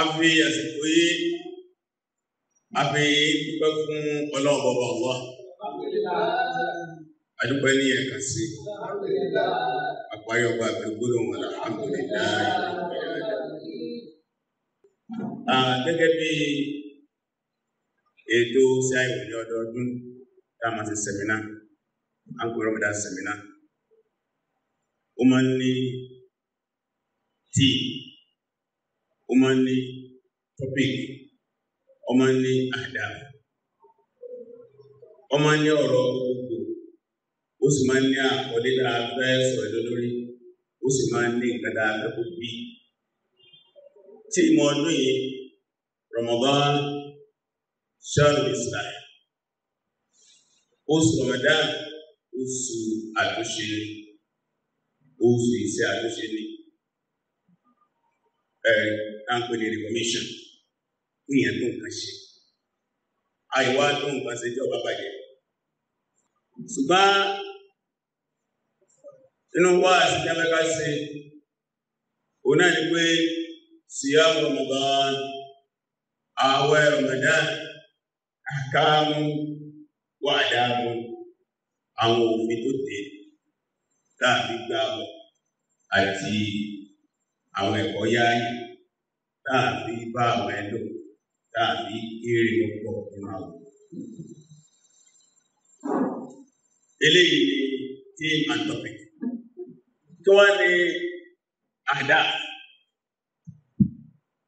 afi àsìkò yìí afi dúpẹ́ fún ọlọ́run bọ́bọ̀ ọ̀wọ́ adúpẹ́ ní ẹ̀ka sí àpáyọ̀gbà àbẹ̀gbọ́dọ̀ wọn alhamdulillah gẹ́gẹ́ bí ètò sí àìwò ní ọdọọdún tá a máa ti sẹ̀mínà a ń pè rọ́mọdá sẹ̀mínà ó máa ń ní tíì ó máa ń ní topic ó máa ń ní ní gbogbo ó sì máa ń ní àkọlé tá sọ̀rọ̀ lórí ó sì máa ń ní nǹkan tá a bí tí ìmọ̀ ọdún yìí Ramadan ṣáàlù Islam oṣù Ramadan oṣù àtúnṣe oṣù àtúnṣe Eh, táǹpé ní reformation fún ìyẹn tó nǹkan ṣe àìwá tó nǹkan ṣe jẹ́ ọba bàjẹ́ ṣùgbọ́n nínú wá àṣìṣe mẹ́ka ṣe òun náà ni àwọn ẹ̀kọ́ yááyì táàbí bá àwọn ẹlò táàbí eré ọ̀pọ̀ nínú àwọn. eléyìí ni tí màá tọ̀pẹ̀ kí wọ́n ní àdá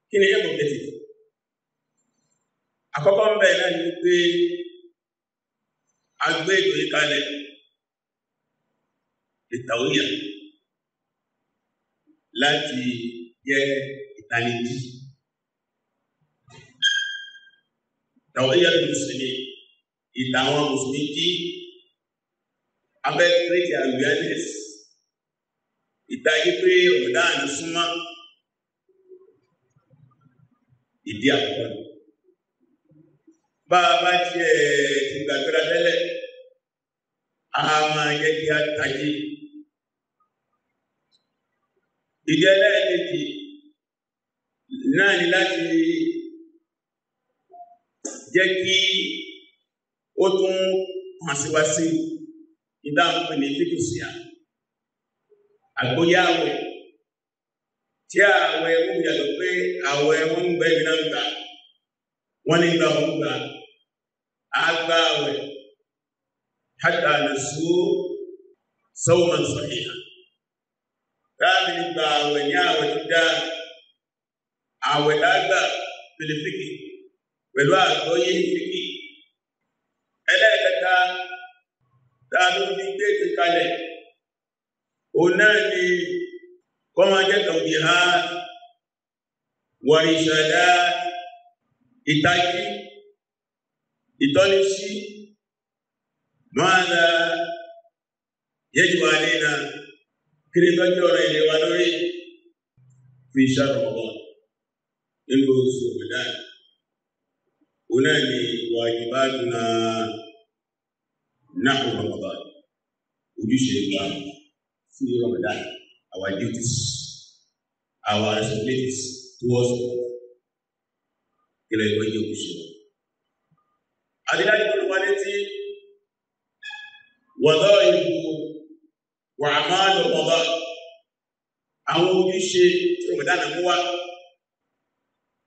kí ni ẹ̀kọ́ bẹ̀tẹ̀ àkọ́kọ́ ń bẹ̀ náà ni pé agbé ìròyìn kalẹ̀ ìtàwíyà láti jẹ́ ìtanijí. Tàwọ́yà Mùsùlùmí, ìtàwọn Mùsùlùmí kí abẹ́ Great Awareness, ìtayé pé ọ̀dáàni súnmọ́ ìdí àkọ́kọ́. Bá a bá tiẹ̀ ti gbàgbéra tẹ́lẹ̀, a máa yẹ kí a tajé ìdí ẹlẹ́ẹ̀kejì náà ni láti jẹ́ kí ó tún hàn síwá sí ìdáhùnpẹ̀ ní fíkùsíà àgbóyá àwẹ̀ tí àwẹ̀ wọ́n yàtọ̀ pé àwẹ̀ wọ́n ń gbẹ́ ìrìnà gbà wọ́n ní gbà wọ́n gbà àgbà àwẹ̀ hàtà nà sọ́wọ́n sọ̀hìyàn láti gba àwẹ̀ ní àwẹ̀ tó dá àwẹ̀ àgbà pèlèfìkì pẹ̀lú àgbọ́yé fìkì ẹlẹ́ẹ̀kẹta tààlú ní gbéèdè kalẹ̀ o náà ni kọ́mọjẹ́ tàbí ha wàrìṣàdá ìtají ìtọ́nisí máa la yẹ́jù àlẹ́ náà kí ni tọ́jú ọ̀rọ̀ ilé wa lórí fi ṣàrọ̀ ọ̀bọ̀ nínú oṣù òmìnira òun náà ni ìwà ìbá na náà ọ̀bọ̀ ojúṣe wa sí ọ̀mìnira our duties our responsibilities towards God kílẹ̀ ìwé yóò ṣe wọ́n. Adéláyé olùwádé tí wọ́n lọ́ọ́ ìlú wà á máa lọ mọba àwọn oníṣe tí Ramadan mú wá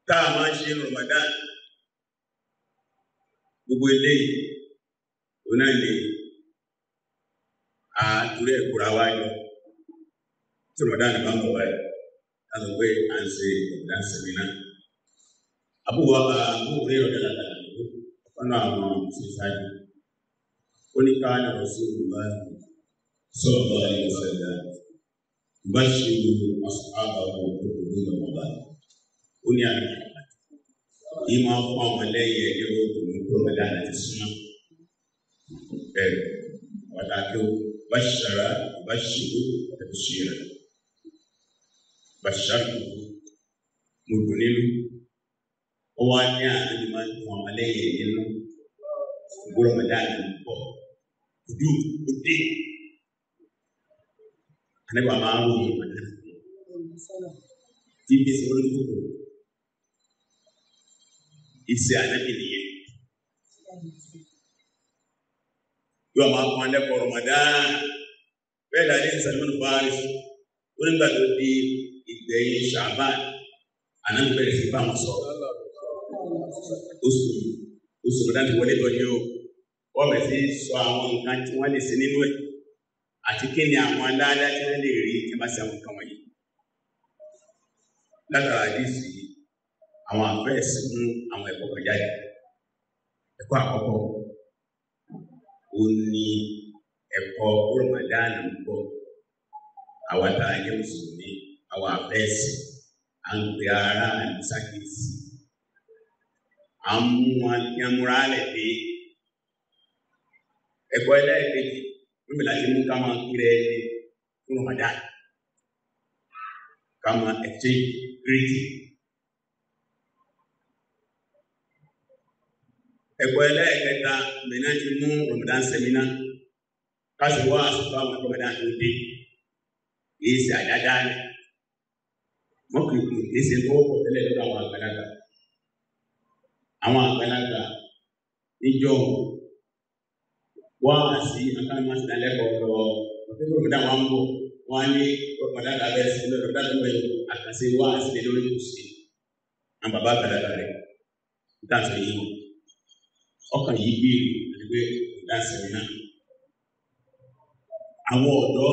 tá a máa ṣe Ramadan gbogbo eléyìí tó náà lè àtúrẹ ìkura wá yọ tí Ramadan bá ń bọ̀ wáyé láti pé à ń ṣe Ramadan sẹmínà àbúrò àbúrò rẹ ọ̀dà àgbà ọ̀pọ̀ náà àwọn ṣe صلى الله عليه وسلم يبشر أصحابه بالقبول رمضان قل يا محمد إما قام لي يوم من رمضان السنة ولكن بشر بشر تبشيرا بشرته مدنين هو أن يعني من قام لي يوم رمضان الدين anabi wa maa wo yẹn wọnà tí bí sọ wọn kúrò ìṣe anabi nìyẹn yóò máa kọ́ ẹlẹ́kọ̀ọ́ Ramadan bẹ́ẹ̀ ni alẹ́ ìsàlùmọ́nù báárì ó nígbà tó di ìgbẹ̀yìn Ṣàbán anabi bẹ̀rẹ̀ sí bá wọn sọ̀rọ̀ oṣù oṣù rẹ̀ láti wọlé lọ ní o wọ́n bẹ̀ sí sọ àwọn nǹkan tí wọ́n lè ṣe nínú ẹ̀ àti kí ni àwọn aláàlá tí wọ́n lè rí tí wọ́n ṣe àwọn nǹkan wọ̀nyí. látara àdéhùn yìí àwọn àfẹ́ẹ̀sì mú àwọn ẹ̀kọ́ kan jáde ẹ̀kọ́ àkọ́kọ́ ó ní ẹ̀kọ́ rọ̀mọ̀dáàlà ń bọ̀ àwọn àtàlẹ́ mùsùlùmí àwọn àfẹ́ẹ̀sì à ń pè ara àdúsákìsì à ń mú wọn yẹn múra lẹ̀ ẹ̀kọ́ ẹlẹ́ẹ̀kejì ń bẹ̀rẹ̀ láti mú ká máa pèrè ẹni fún Ramadan ká máa exchange great ẹ̀kọ́ ẹlẹ́ẹ̀kẹta mẹ́rin ti mú Ramadan sẹ́mínà ká sì wá àsìkò àwọn Ramadan tó dé kìí ṣe àdáadáa ni wọ́n kì í kù kìí ṣe lọ́wọ́ pọ̀ tẹ́lẹ̀ lọ́dọ̀ àwọn àgbàlagbà àwọn wáàsí akáyọmọsí náà lẹ́kọ̀ọ́ lọ ọdún kúrò dá wọn bọ wọn ní ọdàgbà bẹ́ẹ̀ sí lọ́dọ̀ ọdàgbà bẹ́ẹ̀ àkàṣe wáàsí lé lórí kùsì àwọn bàbá àgbàlagbà rẹ dáàsì yìí wọn ọkàn yìí bíi ẹgbẹ́ dáàsì yìí náà àwọn ọ̀dọ́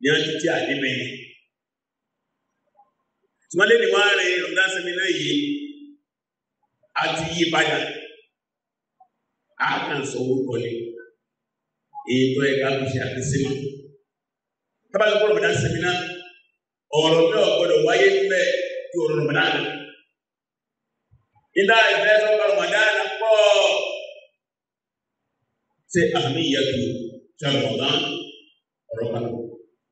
ní ọdún tí àdébẹ̀ ni wọ́n á rìn ọ̀dà sẹ́mi náà yìí àti yí padà àákàn sọ̀wọ́ kọ́lé èyí tó yẹ ká ló ṣe àtẹ̀símà tábàlì kọ́ rọ̀mọ̀dá sẹ́mínà ọ̀rọ̀ náà gbọ́dọ̀ wáyé níbẹ̀ tí ọ̀rọ̀ rọ̀mọ̀dá nà nígbà ìfẹ́ sọ́kọ̀ rọ̀mọ̀dá nà pọ̀ ṣe àmì ìyàtọ̀ ṣàlùmọ̀dá ọ̀rọ̀ kan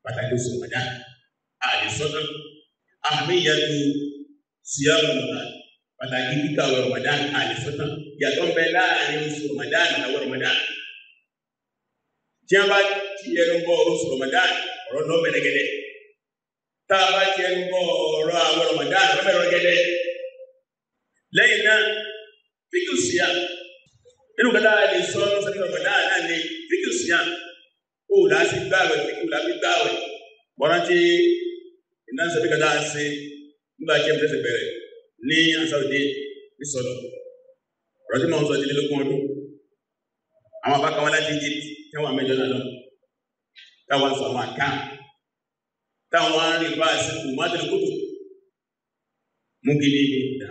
pàtàkì sọ̀rọ̀mọ̀dá àdìsọ́nà àmì ìyàtọ̀ ṣìyàlùmọ̀dá pàtàkì gbígbà wọ Ramadan àlìfọ́tán yàtọ̀ ń bẹ láàrin oṣù Ramadan àwọ Ramadan tí a bá ti ẹnu bọ oṣù Ramadan ọ̀rọ̀ náà bẹ̀rẹ̀ gẹ́dẹ́ tá a bá ti ẹnu bọ ọ̀rọ̀ àwọ Ramadan ọ̀rọ̀ bẹ̀rẹ̀ gẹ́dẹ́ lẹ́yìn náà fíkì síyà nínú kẹta lè sọ sẹ́ni Ramadan oh, náà ni fíkì síyà ó láti gbàwẹ̀ fíkì láti gbàwẹ̀ bọ́rántí ìnáṣẹ́ fíkì kẹta ṣe nígbà tí ẹ ní asáwòdé ìsọ̀lọ̀ ọ̀rọ̀ tí màá sọ ìdílé lógún ọdún àwọn abákan wọn láti Egypt táwọn mẹ́jọ náà lọ táwọn sọ àwọn àká táwọn arìnrìn bá àsìkò mọ́tẹ́lẹ̀ kótó mú kí ní ìlú dá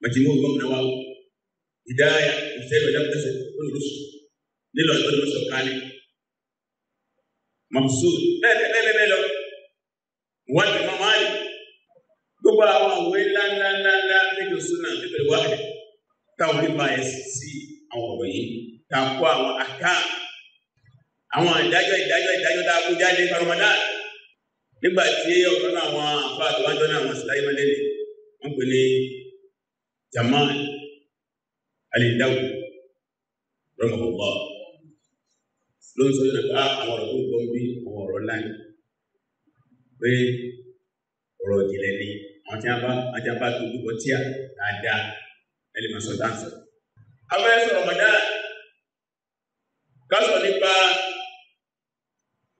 bàtí mú gómìnà wa ìdáyà ìṣẹ́lẹ̀ ìdáyà tẹ̀sẹ̀ olùdóṣù nílò ìtọ́jú mọ́sọ̀ kálí mọ̀sùn bẹ́ẹ̀ bẹ́ẹ̀ bẹ́ẹ̀ lọ wọ́n ti mọ gbogbo àwọn àwọn ilá ńlá ńlá ńlá nínú súnà nítorí wà rẹ̀ táwọn onípa ẹ̀sìn sí àwọn ọ̀rọ̀ yìí a àwọn àká àwọn ìdájọ́ ìdájọ́ ìdájọ́ tá a kó jáde parọ́mọdá nígbà tí náà àwọn àfa àtọ́wájọ́ náà wọ́n wọ́n pè ní Jamal àwọn tí a bá àwọn tí a bá tó gbogbo tíà dáadáa ẹni máa sọ dáńsọ. abẹ́rẹ́ sọ̀rọ̀ mọ̀dá ká sọ̀rọ̀ nípa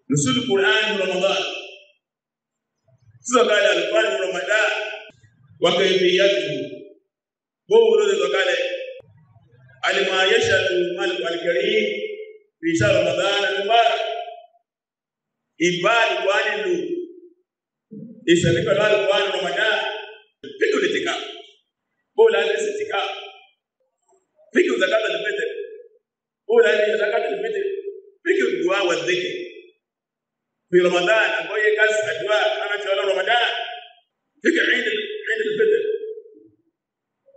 nùsùlù kùránì rọmọdá sísọ̀kalẹ̀ àlùkùránì rọmọdá wákẹ́ ibi ìyá tuntun bówó ló lè sọ̀kalẹ̀ alimọ̀ ayéṣàtò alùpàlùkẹ́rì ìṣà rọmọdá nàìjíríà ìbá àlùkùránì lò ìṣẹ̀lẹ̀ pẹ̀lú àlùkùránì rọmọdá. Pick on itikaf. Bóòlù àti ẹsẹ̀ itikaf. Pick on zakat àti fẹ́tẹ̀. Bóòlù àti ẹsẹ̀ zakat àti fẹ́tẹ̀. Pick on dùwà wà dékè. Bí Ramadan àgbọ̀yé káàsì àdúrà arántí ọlọ́ Ramadan. Pick on ẹ̀ẹ́dẹ̀ ẹ̀ẹ́dẹ̀ fẹ́tẹ̀.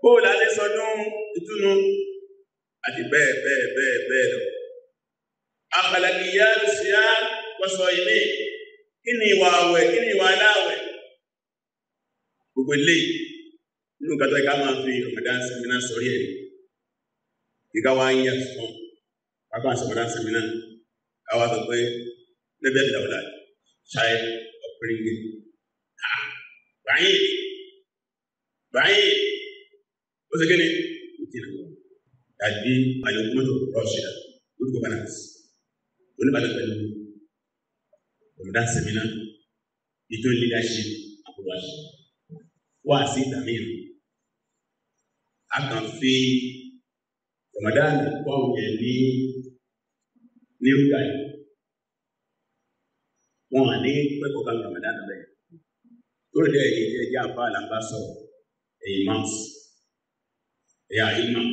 Bóòlù àti sọdún ìtúnu àti bẹ́ẹ̀ bẹ́ẹ̀ bẹ́ẹ̀ bẹ́ẹ̀ lọ. Àkàlàkìyà ṣíà wọ́sọ̀ ìmí. Kí ni ìwà àwẹ̀? gbogbo eléyìí nínú nǹkan tó yẹ ká máa fi Ramadan seminar sọrí ẹ̀ ìka wa ń yà fún pápá Ramadan seminar ká wa sọ pé lẹ́bẹ̀ẹ́ ìdàwọ̀dà child of bringing ah báyìí báyìí ó ṣe kéde ó ti nà tàbí àyọkúmọ́tò rọ́ṣíà good governance oníbàdàn pẹ̀lú Ramadan seminar ìjọ leadership àkùrọ̀ àṣẹ wá sí ìgbà mìíràn a kàn fi Ramadan kọ́ òye ní new guy wọn à ní pẹ́kọ̀ọ́ kan Ramadan bẹ́ẹ̀ lórí dẹ́ ẹ̀yìn tí ẹjẹ́ àbá làbá sọ̀rọ̀ èyí mams ẹ̀yà ìmọ̀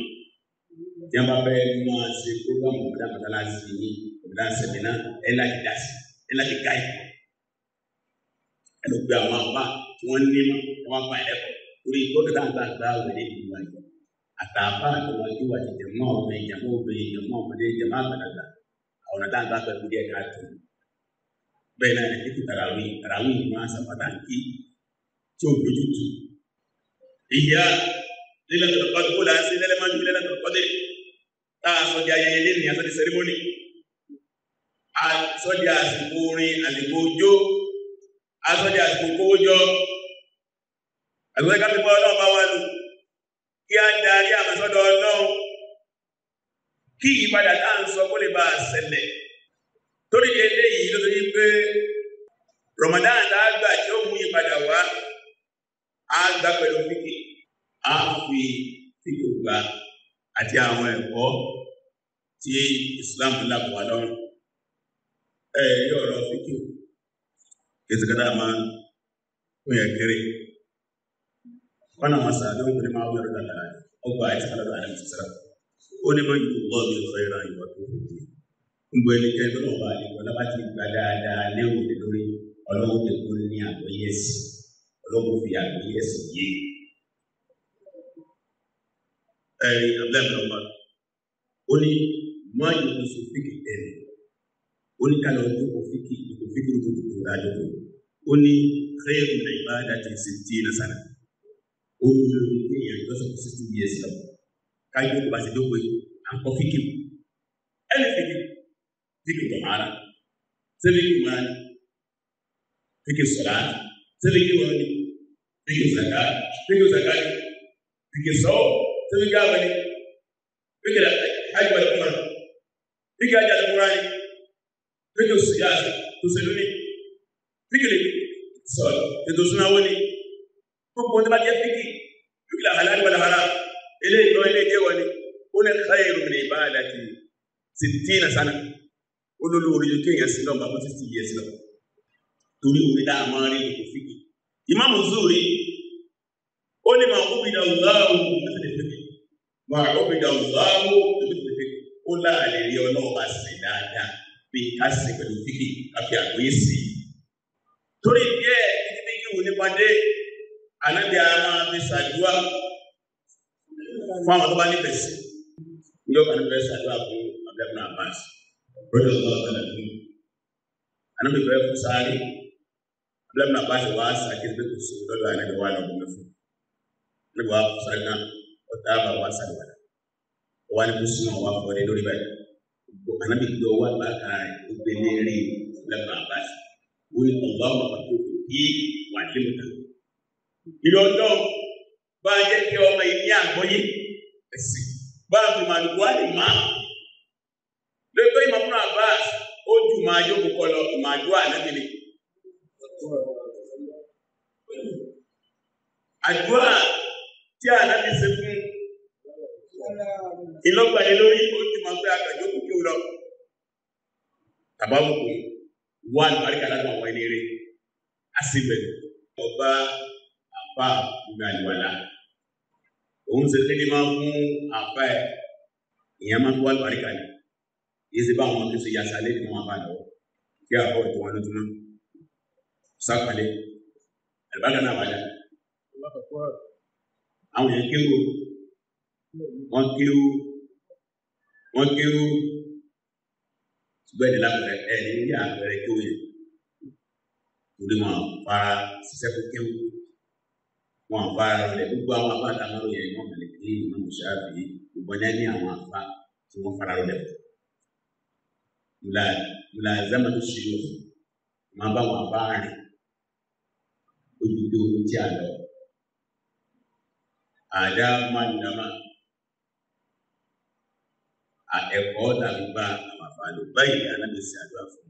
tí wọ́n bá fẹ́ máa ṣe program Ramadan mọ́tàlásì ní Ramadan sẹ̀mínà ẹ̀ láti dá sí ẹ̀ láti gáì ẹ̀ ló gbé àwọn àbá tí wọ́n ní mọ́. àwọn ọmọ ẹlẹ́kọ̀ọ́ orí ìtọ́jú dáńtà gba òwèrè ìgbìmọ̀ ẹ̀kọ́ àtàfà àtọwájú àti jẹ̀mọ́ ọmọ ìjàmọ́ obìnrin jẹ̀mọ́ ọmọdé jẹ̀mọ́ àgbàlagbà àwọn àdáńgbà pẹ̀lú díẹ̀ káàtó bẹ́ẹ̀ náà ní kíkù tàràwí tàràwí ìmọ̀ àṣà pàtàkì tí ó lójú tu ìyá lílẹ̀ tó di ayẹyẹ lé ní asọ́di sẹ́rímọ́nì asọ́di àgbẹ̀ ká pípọ̀ ọlọ́run bá wà lò kí á darí àmọ́sọ́dọ̀ ọlọ́run kí ìyípadà tá à ń sọ kó lè bá a ṣẹlẹ̀ torí eléyìí ló ti pé Ramadan tá a gbà tí ó mú ìpadà wá á gbà pẹ̀lú fíkì á fi fíkì gbà àti àwọn ẹ̀kọ́ tí Islam lápò wá lọ́rùn ẹ̀ẹ́dì ọ̀rọ̀ fíkì kí ẹ̀sìn kátà máa ń pín ẹ̀kẹ́rẹ́ kọ́nà wọn sàbí wọn kò ní máa wúlò dàgbà ọgbà àti kálọ̀dọ̀ àdàmù sísára ó ní máa yìí lọ́ọ̀ bí ọ̀fẹ́ ìran ìwà tó kù dé gbogbo ẹnikẹ́ni tó lọ́wọ́ àlè wọn lábá ti gba dáadáa léwu lórí ọlọ́wọ́ èkó ní àgbóyè sí ọlọ́wọ́ fi àgbóyè sí yé ẹ̀rí abẹ́ẹ̀mẹ̀ ọba ó ní máa yìí lọ sí fíkì ẹ̀rí ó ní kálọ̀ ọdún kò fíkì kò fíkì tó tó tó dájú ó ní kẹ́rù nàìjíríà ti ṣe tí ì ó ń lo èèyàn lọ́sọ̀ fún sixty years lọ káyọ̀ kó bá ti dókòó yìí à ń kọ́ fíkì ẹni fíkì fíkì tọ̀ ara sẹ́fíkì máa ní fíkì sọ̀rọ̀ àti sẹ́fíkì wọ́n ní fíkì zaka fíkì zaka ní fíkì sọ́ọ̀ sẹ́fíkì àwọn ní fíkì hajj wà lẹ́kùnrin fíkì hajj àti kúrán ní fíkì sìyà tó sẹ́lú ní fíkì sọ̀rọ̀ ètò sunáwó ní gbogbo ní bá jẹ́ fíkì dúkìá halal wal haram ilé ìtọ́ ilé ìjẹ́wọ́ ni ó ní khairu min ibadati sittina sana olólórí ju kéèyàn sí lọ́mọ àbútí ti yẹ sí lọ torí orí dáa máa rí kò fíkì ìmáàmù zúrí ó ní màá ó bìdà ọ̀záàwò lẹ́sẹ̀ fíkì màá ó bìdà ọ̀záàwò lẹ́sẹ̀ fíkì ó láàlè rí ọlọ́ọ̀bà sí dáadáa bí ká sì pẹ̀lú fíkì káfí àgbóyè sí torí díẹ̀ títí bí kí wò ní padé anábì a máa fi ṣàdúrà fún àwọn tó bá ní bẹ̀sì ní ọkàn nípa ṣàdúrà fún abdulhamid abbas lórí ọgbà ọ̀tàlá na ń anábì fẹ́ fún sáré abdulhamid abbas wà sàkíyèsí pé kò sí lọ́dọ̀ anábì wà lọ́gbọ̀n mẹ́fọ́ anábì wà fún sáré náà ọ̀tá àbá wà sàdúrà wà ní kó sinú wà fọ́ lórí báyìí anábì gbé ọwọ́ àgbà kan rẹ̀ ó gbé ní rí abdulhamid abbas wọ́n ní ọ̀gbà ọ̀gbà tó kù yí wà ní mọ̀tàn ìlú ọjọ́ bá ń jẹ́ kí ọmọ yìí ní àgbọ́yé ẹ̀sìn bá ń fi màlúù wá lè máa lóòótọ́ ìmọ̀múnà abbas ó jù máa yókù kọ lọ màlúù ànábìlì. àdúrà tí ànábì ṣe fún ìlọ́gbàdé lórí ó jù máa pé àgbàjókù kí àfa ìgbà ìwàlá òun ṣe tẹ́lẹ̀ máa fún àfa ẹ̀ ìyẹn máa ń wá lùbáríkà ni yìí ṣe báwọn ọmọ tó ṣe yasa lé ní wọn bá lọ́wọ́ kí àfa ọ̀tún wọn lójúmọ́ sápẹ́lẹ́ àlùbáríkà náà wájà àwọn yẹn kéwò wọn kéwò wọn kéwò ṣùgbọ́n ẹ̀dẹ̀ lápẹ̀rẹ̀ ẹ̀ ní àpẹẹrẹ kéwò yẹn torí fara ṣiṣẹ́ fún kéwò wọn àfa rẹ gbogbo àwọn àfa àtàwọn yẹn wọn mọlẹ kí ìmọ mùsàlù yìí gbogbo ní ẹni àwọn àfa tí wọn fara rẹ mùlà zamanu ṣìlò máa bá wọn àfa rìn ojú tó ń tí a lọ àdá máa ń dàmà ẹ̀kọ́ tàbí bá àwọn àfa lò báyìí alábẹsẹ àdúrà fún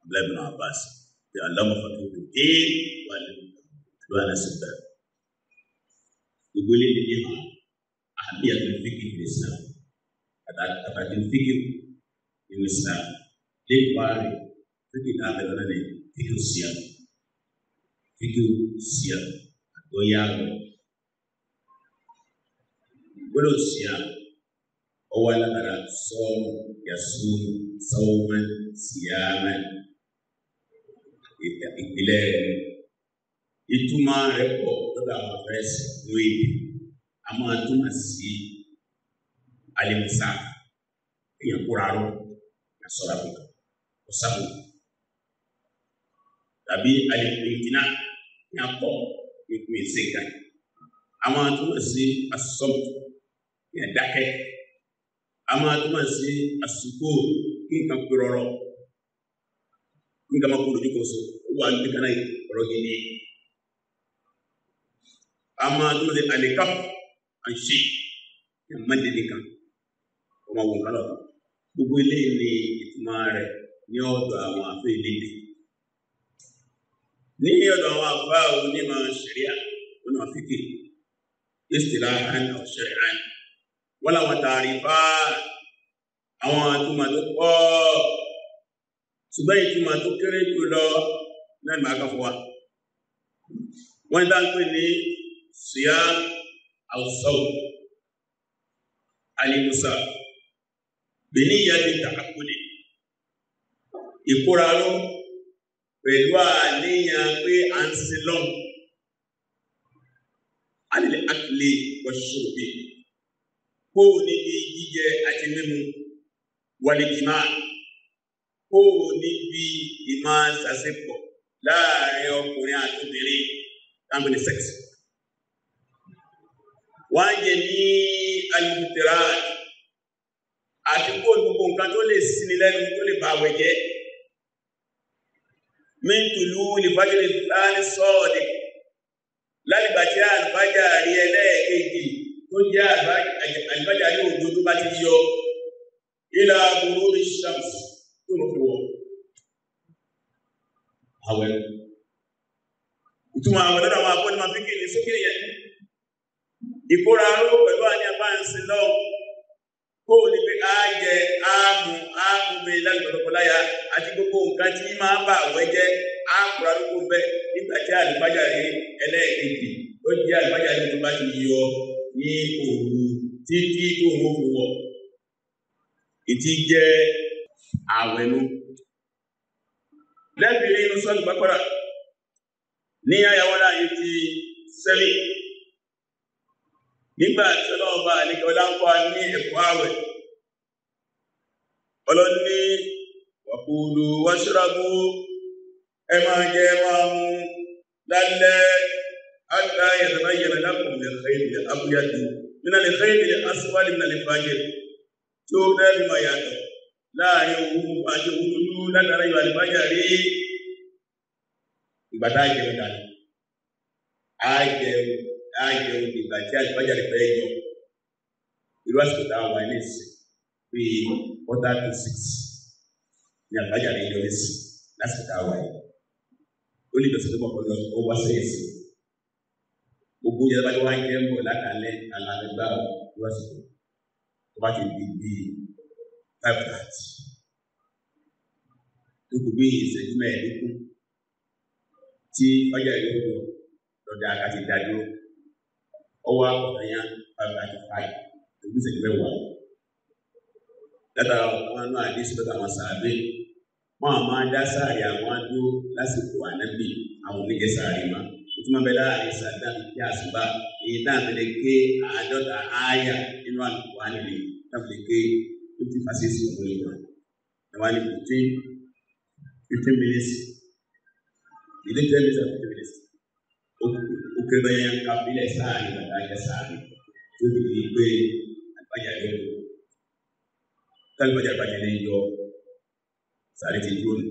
abúlé ibùdó àbáṣe bí alámọfà tó ń dé wà lẹ́nu àdúrà náà يقول لي ان اهميه الفكر في الاسلام كتعلم الفكر في الاسلام ليه باري فكر هذا انا فكر السياسه فكر السياسه وياغو ولو السياسه أول مرة صوم يصوم صوما صياما إلى ìtumọ̀ rẹ̀ pọ̀ lọ́dọ̀ àwọn fẹ́ẹ́sì lóye a máa túmọ̀ sí alimusa èèyàn na sọ́ra bí kò sábò tàbí alimusa ní akọ ìpín a máa túmọ̀ sí asọ́mù ní àdákẹ́ a máa túmọ̀ sí àsìkò kí ama dole alikam an ṣe ìmọ̀dẹ́ni kan ọmọ wọn kálọ̀ kan gbogbo ilé ní ìtumọ̀ rẹ̀ ní ọ̀dọ̀ àwọn afẹ́ ilé ní. ní ọ̀dọ̀ àwọn afẹ́ àwọn onímọ̀ ṣẹ̀ríà wọn náà fìkì istilahan aw shar'an wọ́n làwọn tààrífà àwọn àtúmọ̀ tó pọ̀ ṣùgbọ́n ìtumọ̀ tó kéré jù lọ náà máa kọ́ fún wa. wọ́n dá ń pè siyam alsaw alimusa bẹni yali takakuli ìkóraló pẹ̀lú àníyàn pé à ń sin lọ́n alẹ akilé wọṣọbi kó o níbi jíjẹ àti mímu wàlìjìmá kó o níbi ìmọ̀ sàṣepọ̀ láàrin ọkùnrin àti obìnrin láàrin sẹ́ksì wáyẹ̀ní alìmùtìráàdì àti kó gbogbo nǹkan tó lè síni lẹ́nu tó lè bàwẹ̀ jẹ́ mẹ́tùlú lìfàjìlì láàrin sọ́ọ̀dì lálìgbà tí àlùfájà rí ẹlẹ́ẹ̀kejì tó jẹ́ àlùfájà ní òjò tó bá ti yọ ilà burú ní shams tó rò wọ́ àwẹ̀ ìtumọ̀ àwẹ̀ lọ́dọ̀ àwọn akọ́ni máa fi sókè yẹn ìkóra ahụ pẹ̀lú àníyàbá ń sin kó o ní pé a jẹ áàmù áàmù mi lálùpàdọ́kọláyà àti gbogbo nǹkan tí máa bá àwẹ̀ jẹ́ áàkùrà ló kó bẹ́ nígbà tí àlùfájà rí ẹlẹ́ẹ̀kejì ó jẹ́ àlùfájà rí tó bá ti yọ ní òru títí tó ń wò wọ̀ ìtí jẹ́ àwẹ̀ inú nígbà tí ọlọ́run bá ní ọlá ń kọ́ ní ẹ̀kọ́ àwẹ̀ ọlọ́run ní wàkúùlù wáṣúrabú ẹ máa jẹ ẹ máa mú lálẹ́ àgbà yẹ̀lẹ́mẹ́ yẹ̀lẹ́mẹ́ kò lè fẹ́ ìdílé abúyájú nínú lè fẹ́ ìdílé asúwálì nínú lè fàájẹ tí ó bẹ́ẹ̀ bí máa yàtọ̀ láàrin owó àti owó dúdú látara ìwà lè rí ìgbàdá ìjẹun dàní. Àjẹun á yẹ omi ìgbà tí àjùbájà lè fẹ́ yọ irú àsìkò tá a wà ní ìsìn bíi quarter to six ní àjùbájà lè yọ ìsìn lásìkò tá a wà yìí ó lè gbèsè tó mọ̀ pé ó wá sí ìsìn gbogbo yẹn bá wá yẹ mọ̀ látàlẹ́ àlàlẹ́ gbà ó irú àsìkò tó bá ti di bíi five thirty tó kù bíi ìṣẹ́jú mẹ́ẹ̀ẹ́dógún tí ọjà ìlú ọdọ lọ́dọ̀ àkàtì dá ọwọ́ akọ̀tàyà five ninety five èmi sì mẹ́wàá. Látara ọ̀kan náà àdé sí lọ́dọ̀ àwọn sàbẹ̀. Wọ́n á máa dá sáàrì àwọn adó lásìkò ànábì àwọn oníjẹ sáàrì máa. Ó tún máa bẹ láàrin sàdá mi kí àsùbá. Èyí tá à ń bẹ̀rẹ̀ ké àádọ́ta ááyà nínú àlùkò ànìlè láti ké fifty fasesi ọ̀gbìn ìgbà. Ẹ̀wá ni fifteen fifteen minutes. Ìdí ten minutes and fifteen minutes kébéyàn abilẹ̀ sáàlì àgbàjá sáàlì tó ti di pé àgbàjá yọ lò tálíbàjá àgbàjá lè yọ sáàlì ti dúró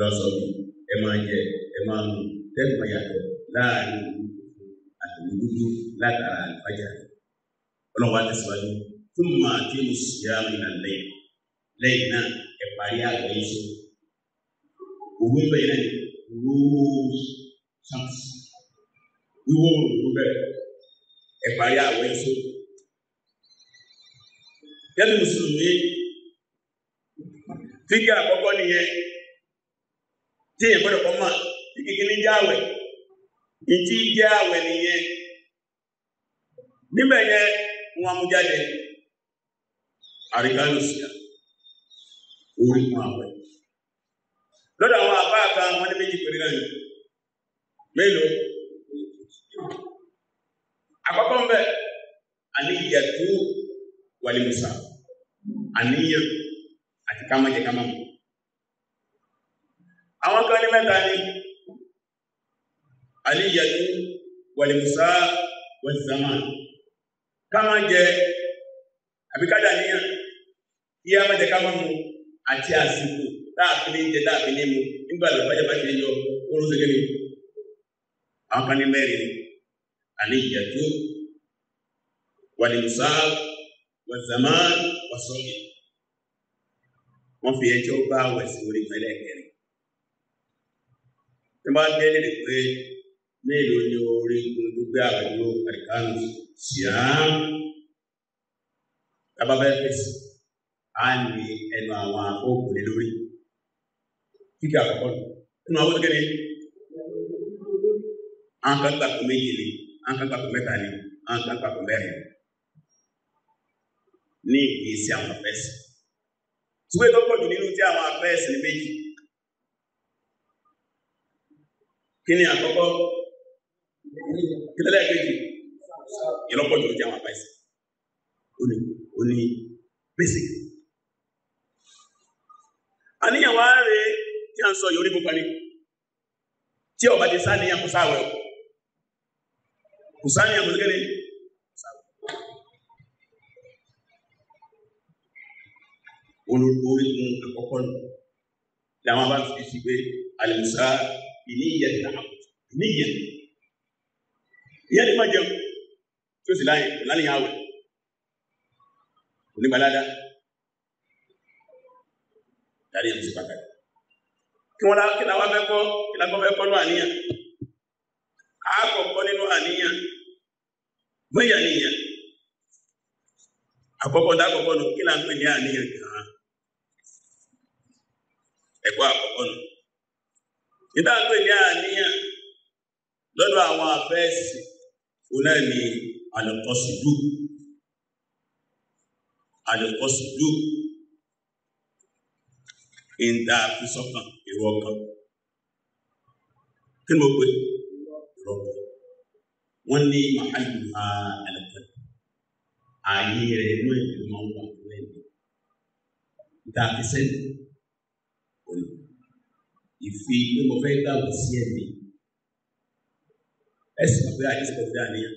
lọ́sọ̀ mi ẹ máa jẹ ẹ máa mú tẹ́lifà yàtọ̀ láàrin àtòlódúdú látara àgbàjá ọlọ́wọ́ àtẹ̀síwájú fún màá tí mo sì yá mi nà lẹ́yìn náà ẹ̀ parí àgbà yìí sọ bẹ́ẹ̀ náà chance wíwó òrùlú bẹ́ẹ̀ ẹ̀parí àwẹ̀ ìṣó. Gẹ́gẹ́ Mùsùlùmí, àkọ́kọ́ nìyẹn tí èèyàn gbọ́dọ̀ kọ́ mọ̀ tí kékeré ń jẹ́ àwẹ̀. Ìtí jẹ́ àwẹ̀ nìyẹn. Níbẹ̀ yẹn, wọn mú jáde. Àríkà ló mélòó àkọ́kọ́ ń bẹ̀ àníyàtú wàlímùsà àníyàn àti kámájẹ kámámù àwọn kan ní mẹ́ta ni àníyàtú wàlímùsà wàlísàmà kámájẹ àbíkájà níyàn kí á májẹ kámámù àti àsìkò táàfin ní jẹ táàfin ní mu nígbà lọ́pàá jẹ́ bá ti yọ orúkọ gẹ́gẹ́ àwọn kan ní mẹ́rin ni àníyàjú wàlìmùsá wàzàmá wàsọ́ọ̀yì wọ́n fi ẹjọ́ bá wẹ̀sì orí kan ẹlẹ́ẹ̀kẹrin tí wọ́n bá ń bẹ́ẹ̀ lè pé mélòó ni orí gbogbo àwàjọ àríkánù síám tábàbẹ́ fèsì á ní ẹnu àwọn àkókò lórí kíkà àkọ́kọ́ nínú àwọn tó kéde an kan gbà pé méjì ni an kan gbà pé mẹ́ta ni an kan gbà pé mẹ́rin ní ìgbésí àwọn afẹ́sì ìwé tó pọ̀ jù nínú tí àwọn afẹ́sì ní méjì kí ni àkọ́kọ́ kí lẹ́lẹ́ kejì ìlọ́pọ̀ jù tí àwọn afẹ́sì ó ní ó ní basic àníyàn wá rèé tí a ń sọ yìí orí gbogbo ni tí ọba ti sá ní àkóso àwẹ̀ o. Kusanya sáyẹn kò sí kéde. olórí mu àkọ́kọ́ nù làwọn bá fi fi pé àlùsá ìníyẹn náà ìníyẹn ìyẹn ni má jẹun tí ó sì láyé kò láníyàn àwẹ̀ kò ní gbalada dárí ẹ̀ ti pàtàkì kí wọ́n lá kí làwọn fẹ́ kọ́ kí làwọn fẹ́ nwe ya n'ihe agbọkọta agbọkọnụ nke na mgbe ya n'ihe nke ha ẹ̀kọ́ àkọ́kọ́ nù nígbà pé ya àníyàn lọ́dọ̀ àwọn àfẹ́ẹ̀sì òun náà ni alụkọsidu àlùkọ́sùdù ìta àfisọ́kàn èrò ọkàn kí ni wọ́n ní mahaluha alẹ́kọ̀ọ́ ààyè rẹ̀ inú ẹ̀ ló máa ń wà lórí ẹ̀ ìta àfẹsẹ̀ òní ìfi pé mo fẹ́ gbà wọ́n sí ẹ̀mí ẹ̀sìn pàpẹ́ àdìsí pàpẹ́ àníyàn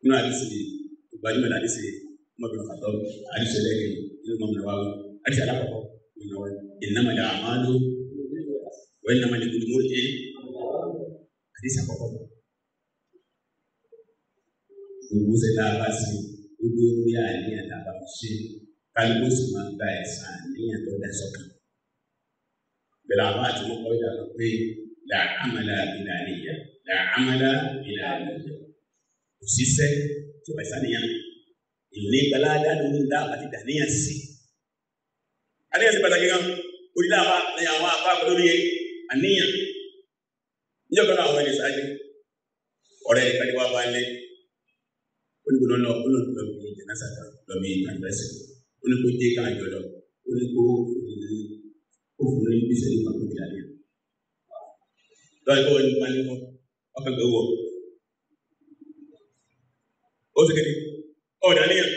nínú àdìsí gbajúmọ̀ àdìsí mọ̀bìnrin fàtọ́ àdìsí ẹlẹ́gẹ̀ nínú mọ̀bìnrin wáwọ̀ àdìsí alákọ̀ọ́ nínú wáwọ̀ ìnáwó àmàlú wẹ́n náà má lè àdìsí àkọ́kọ́ ìwúsẹ̀ tá a bá ṣe ó dé orí àníyàn tá a bá fi ṣe kálíkó sì máa gba ẹ̀sán àníyàn tó dẹ̀ sọ́kàn. bẹ̀rẹ̀ àwọn àti wọn kọ́ ìdàgbọ́ pé là àmàlà ìlà àníyàn là àmàlà ìlà àníyàn kò síṣẹ́ tí wọ́n ṣàníyàn ìlú ìgbàládá ló ń dá àbàtì dàníyàn sí. àníyàn sí pàtàkì kan ni onígbòdò lọ olóòtú lọ bí jẹnẹsà kan lọ bí àgbẹsẹ onígbò jẹ ká àjọ lọ onígbò òfin ní bí sẹni kan kò bí àlẹ lọ́yìn kó wọlé wọlé kọ ọkàn gbé wọ ó ti kéde ọ̀dà níyàn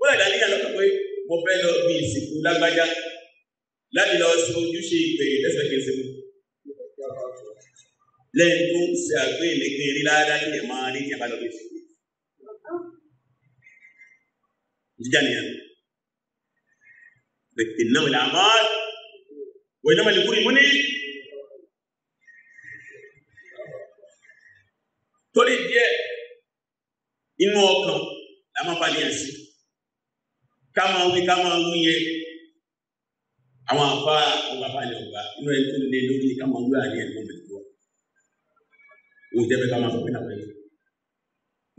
ó lè dà níyàn lọ́kàn pé mo fẹ́ lọ bí ìsìnkú lágbájá láti lọ sí ojúṣe ìpè ìdẹ́sẹ̀kẹsẹ lẹ́yìn tó ń ṣe àgbéyìnlẹ́gbẹ̀ẹ́ rí ládàá ní ẹ̀ máa ní ìyàbá lọ́dún sí. الجنة لكن إنما الأعمال وإنما لكل مني torí díẹ̀ inú ọkàn la máa bá díẹ̀ sí ká máa wí ká máa wí yẹn àwọn àfa ọba balẹ̀ ọba inú ẹ̀ tó lé lórí ká máa wí àárín ẹ̀ lọ́mọdé tó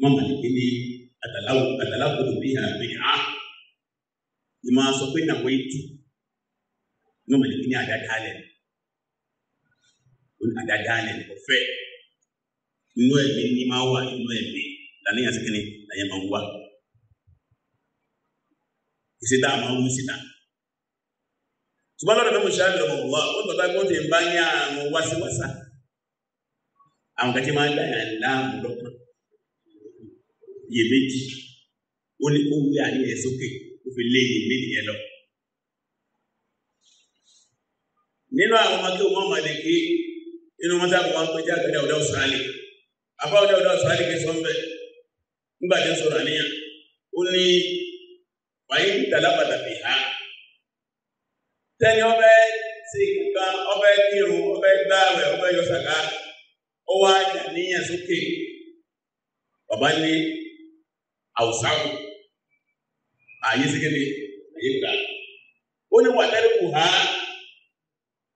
wà àtàlákòdò bí i àgbẹ̀ á ni máa sọ pé nàwó ètò náà mọ̀ ní àdádálẹ̀ àdádálẹ̀ ọ̀fẹ́ inú ẹ̀mí ni máa wà inú ẹ̀mí làníyàn sí kíni làyẹn máa ń wà ìsìtá àmọ́ ń sìtá ṣùgbọ́n lọ́dọ̀ mẹ́mú ṣáà lọ́mọ wà ó ń bàbá gbọ́dọ̀ ń bá ní àrùn wáṣíwáṣá àwọn kan tí máa ń dá yàn láàmú lọ́kàn iyèméjì onye ní ó ezoke ofe sókè ó fi n'inu iyèméjì yẹn lọ. nínú inu ọmọ tó wọ́n mọ̀lẹ́ kí inú wọn sábà wọn péjá àgbẹ̀dẹ ọ̀dọ́ sàálì àbá ọ̀dọ́ ọ̀dọ́ sàálì kí sọ́ńbẹ̀ nígbà tí ń sọ̀rọ̀ àníyàn ó ní wàyí tàlábàtà àwùsáwù ààyè sígẹ́ni ààyè gbà ó ní wàtẹ́rì kù há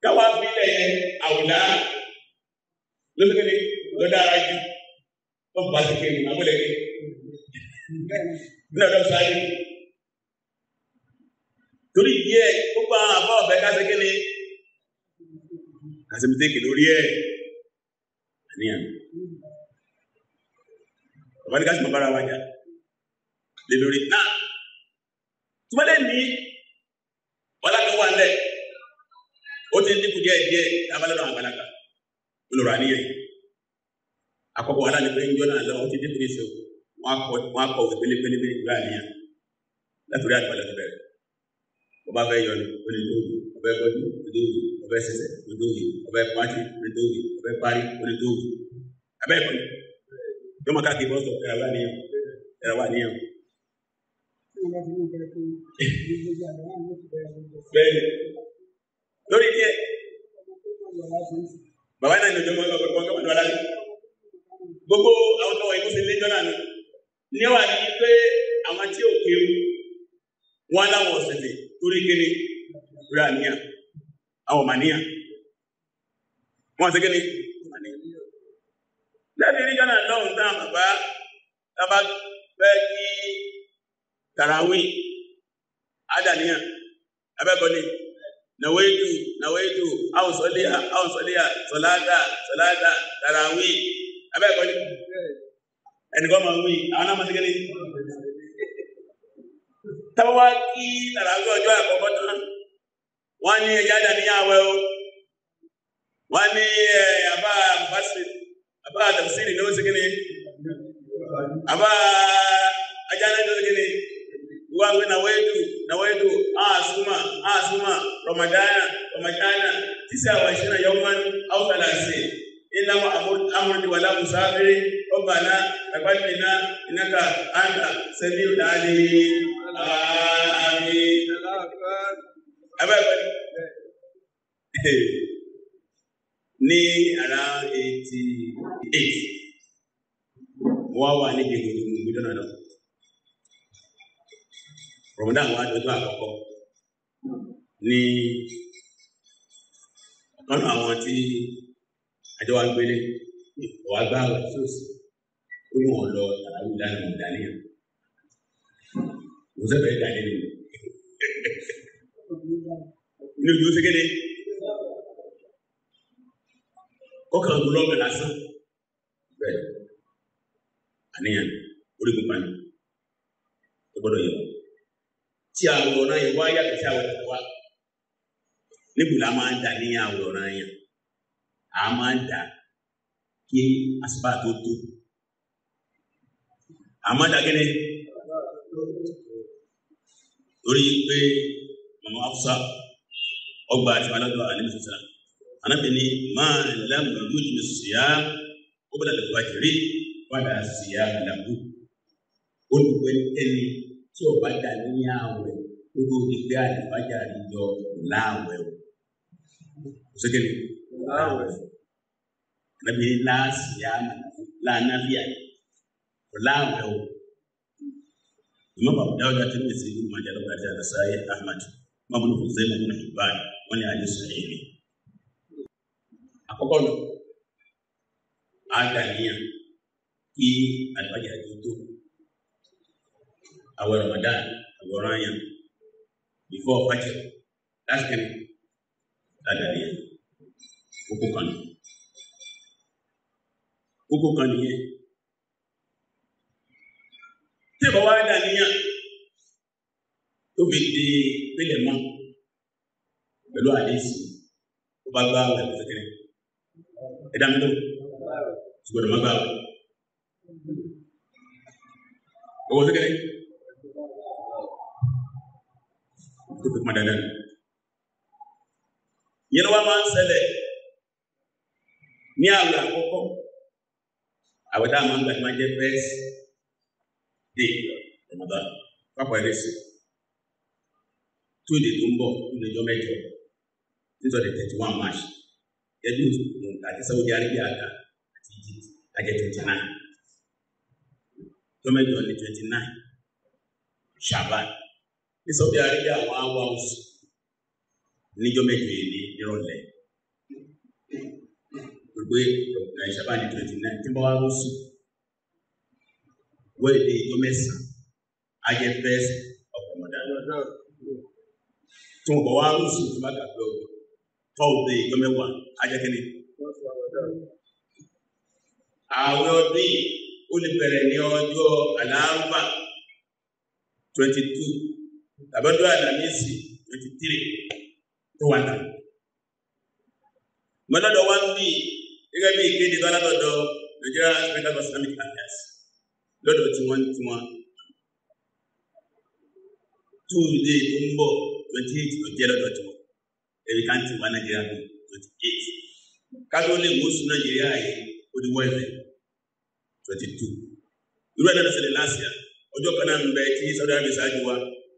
káwá fi ilẹ̀ yẹn àwùlá lọ́sẹ̀kẹ́ni lọ́dára jù wọ́n bá ti kéwì àmúlẹ̀ ní ní ọ̀dọ́ sáré torí díẹ̀ gbogbo àwọn àbá ọ̀bẹ kásẹ̀kẹ́ni kásẹ̀mítẹ́kì lórí ẹ̀ àníyàn. Bàbá ní ká sì mọ bára wa jà lè lórí náà tùmọ̀lẹ́ ní ọlá kan wà ń lẹ̀ ó ti dínkù díẹ̀ díẹ̀ tábàlọ́dọ̀ àgbàlagbà olùrà níyẹn àkọ́kọ́ wàhálà ní pé ń jọ́ náà lọ ó ti dínkù ní sọ wọn akọ wọn akọ òwe pélépélépé ìlú àníyàn látòrí àgbàlá tó bẹ̀rẹ̀ wọn bá fẹ́ yọnu onídóòwì ọbẹ̀ bọ́dún onídóòwì ọbẹ̀ sẹsẹ onídóòwì ọbẹ̀ pàtì onídóòwì ọbẹ̀ parí onídóòwì abẹ́ ìkọ́ni yọmọ káàkiri bọ́sọ̀ ẹ̀rọ wà níyàn ẹ̀rọ wà níyàn bẹ́ẹ̀ni lórí díẹ̀ bàbá náà ní ojúmọ́ ọgbẹ kan gbọmọdé wa lálẹ́ gbogbo àwọn tó wà ní sẹlẹ jọ náà ni ní wà ní pé àwọn tí ò kéwu wọn láwọn ọ̀sẹ̀tẹ̀ torí kíni rà níyà àwọn màníyà wọn ṣe kíni lẹ́bi ní jọ náà lọ́hùn náà bàbá bàbá bẹ́ẹ̀ kí. tàràwí adàníyàn abẹ́kọ̀ọ́ni nàwéjù nàwéjù áwùsọ́líà áwùsọ́líà sọ̀láàdà sọ̀láàdà tàràwí abẹ́kọ̀ọ́ni a máa wí àwọn náà máa ṣe kéde tọ́wọ́ kí tàràwí ọjọ́ àkọ́kọ́ tán wọ́n ní ẹ̀yà adàníyàn awẹ́ o wọ́n ní ẹ̀ àbá àbáṣe àbá àtàkùsí aba ajá náà Upange na wetu na wetu asuma asuma Ramadana Ramadana tisa wa ishirini yauman au thalathini illa wa amrun wala musafiri rabbana taqabbal minna innaka anta samiul alim amin abẹ́bẹ́ ní around eighty eight wọ́n ni níbi ìgbòdò ìgbòdò na náà rọmọdà wà lọ́jọ́ àkọ́kọ́ ní ọ̀kan àwọn tí àjọ wa gbélé ọ̀wá gbá àwọn ṣọ́ọ̀ṣì ó ní wọn lọ tàbí lánàá ìdánilẹ̀ kò sẹ́fẹ̀ẹ́ ìdánilẹ̀ nínú ìlú ṣẹ́gẹ́lẹ́ kọ́kàn ọdún lọ́gbẹ̀ lásán bẹ́ẹ̀ àníyàn orígun pani ó gbọ́dọ̀ yẹ wọ́n tí àwòrán yẹn wá yàtọ̀ sí àwòrán wa níbo la máa ń dà ní àwòrán yẹn a máa ń dà kí àsùbá tó tó a máa ń dà kíni torí pé mama afusa ọgbà àti aládùn àlejò sọsọ anábìíní máa lámù lójú ní sùyà ó bẹ̀rẹ̀ lọ́wọ́ àjẹrí wàdà sùyà làbú olùgbé ẹni tí ọba dà ní àwẹ̀ gbogbo ìgbé àdìbájà yọ láàwẹ̀ o òsèkèlè láàwẹ̀ ẹ̀rẹ́bí láàsì àmà láàánáfíà láàwẹ̀ o ìmọ̀ bàbá dáwọ́ dáa tẹ́lẹ̀ sí ìlú màjà lọ́gbà àti àlàsáyé Ahmad mọ́bùnú fúnṣẹ́ mọ́bùnú ìbáyé wọ́n ní àyè sọ èyí àkọ́kọ́ lọ àgbà níyà kí àdìbájà yọ tó àwẹ̀ Ramadan àwòrán yẹn before fajr láti kiri ládàá yẹn kókó kan nù kókó kan nìyẹn tí ìbọn wá dà níyàn tó fi di pélé mọ́ pẹ̀lú àdéhìsì ó bá gbá àwọn ẹ̀kọ́ kékeré ẹ̀dá mi ló ṣùgbọ́n ìdàmọ́gbà owó kékeré. tó fi pọn dandan yẹn wá máa ń ṣẹlẹ̀ ní àwẹ̀ àkọ́kọ́ àwẹ̀ tá a máa ń gbà tí máa jẹ́ fẹ́ẹ́sì dé ọmọdé pápá ẹ̀rẹ́ sí tó lè tó ń bọ̀ tó lè jọ mẹ́jọ nítorí thirty one march ẹbí àti Saudi Arabia àga àti Egypt àjẹ twenty nine jọ mẹ́jọ ní twenty nine Shaban ní Saudi Arabia àwọn awa oṣù níjọ́ mẹ́jọ yìí ní ìrọ̀lẹ́ gbogbo ọ̀gá ìṣàbá ní twenty nine tí wọ́n wá oṣù wẹ́ẹ̀dẹ̀ ìjọ mẹ́sàn-án ajẹ́ fẹ́ẹ́sì ọ̀pọ̀mọ̀dá tí wọ́n bọ̀ wá oṣù tó bá gbàgbé ọ̀gbọ̀n tọ́wọ́dé ìjọ mẹ́wàá ajẹ́ kẹ́ni. twenty two tàbọ́jọ́ àdàmísì 23 tó wà náà mọ́lọ́dọ̀ wá ń bí gẹ́gẹ́ bí ìkéde tó alátọ̀dọ̀ Nigeria Hospital of Islamic Affairs lọ́dọ̀ tí wọ́n ti wọ́n Tuesday tó ń bọ̀ 28 lọ́jẹ́ lọ́dọ̀ tí wọ́n ẹ̀rí ká ti wá Nigeria bí 28 kájọ́ lè mú sún Nigeria yìí ó di wọ́n ẹ̀fẹ̀ 22 irú ẹ̀ náà ṣẹlẹ̀ láṣìá ọjọ́ kan náà ń bẹ tí Saudi Arabia ṣáájú wa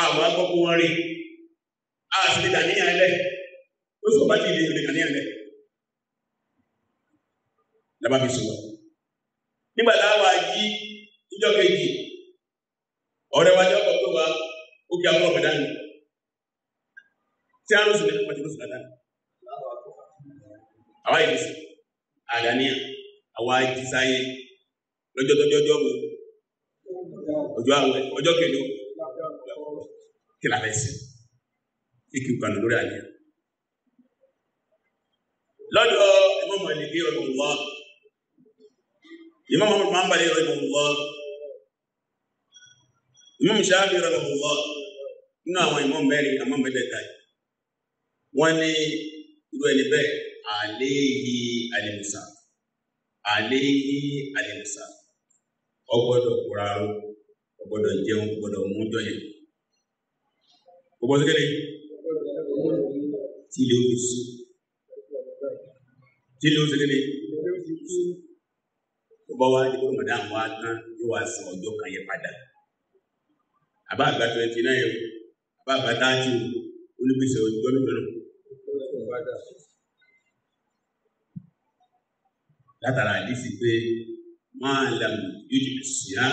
àwọn agbọ́kú wọn rí a sì lè dàníyàn ẹlẹ́ ó sì ọba tí ìdè ìlú dàníyàn ẹlẹ́ lábá fi sùn lọ nígbà táwa yí níjọ́ kejì ọ̀rẹ́ wájú ọkọ̀ pé wa ó kí àwọn ọ̀gbẹ̀dá nù tí a ń sùn lẹ́kọ̀ọ́ tí ó sùn dáadáa àwa yìí sùn àdàníyàn àwa jí sáyé lọ́jọ́ tọ́jọ́ ọjọ́ wo ọjọ́ àwẹ̀ ọjọ́ kejì kí la fẹ́ sí ikú ìgbàlù lórí àníyàn lọ́dọ̀ ìmọ̀mọ̀ ìlèkí ọ̀rọ̀ wọ́ ìmọ̀mọ̀ ọmọ máa ń balẹ̀ ọ̀rọ̀ wọ́ ìmọ̀mọ̀ ìṣáàbí ọ̀rọ̀ wọ́ nínú àwọn ìmọ̀ mẹ́rin àmọ́ mẹ́tẹ̀ẹ̀ta wọ́n ní irú ẹni bẹ́ẹ̀ àléhì àlèmùsà àléhì àlèmùsà ọgbọ́dọ̀ kúraró ọgbọ́dọ̀ jẹun ọgbọ́dọ̀ mú jọyẹn kò bọ́ sí kéde tí ilé ó sùn tí ilé ó sì kéde tó bá wá ní kó mọ̀dá àwọn atán yóò wá sí ọjọ́ kan yẹn padà àbá àgbà twenty nine o àbá àgbà thirty o onígbèsè ọjọ́ mélòó náà látara àdìsí pé máa làm yóò jù sí á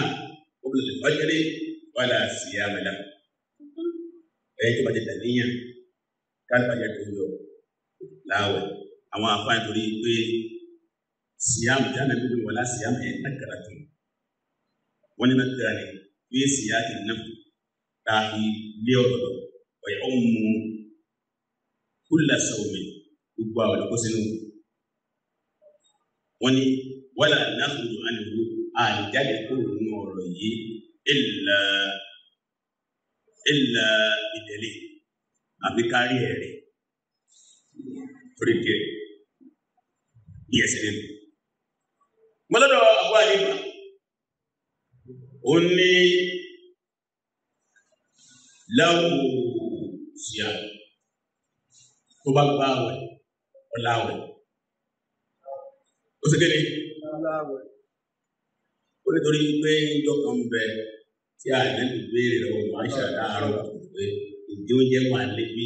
ó bẹ̀rẹ̀ lè fọ́jọ́ rí wàhálà sí á mẹ́ta ẹ̀yìn tó bá ti tẹ̀léyàn káàdì bàjẹ́ tó yọ láwẹ̀ àwọn afáàní torí pé síyáàmù jáde nínú wọn láti síyáàmù ẹ̀ nàkàrà tó wọn ní nàkàrà ni pé síyáàmù náà ta fi lé ọ̀dọ̀ ọ̀yẹ́ ó mú kúlà sọ̀mi gbogbo àwọn ọ̀dọ́ sínú wọn ni wàlà náà kò tó àná ìlú àjáde kúrò nínú ọ̀rọ̀ yìí illa ìlà ìdẹ̀lẹ̀ àfi kárí ẹ̀rẹ̀ oríkẹ́ ìyẹ̀sìlẹ̀ mọ́lọ́dọ̀ àbúrà nípa ó ní láwọ̀ sí à tó bá gbá àwẹ̀ ọláwẹ̀ ó sì kéde ó nítorí pé ìjọ kan bẹ̀rẹ̀ tí ànábì béèrè lọ́wọ́ àìsà láàárọ̀ pé ìdí oúnjẹ wà lébi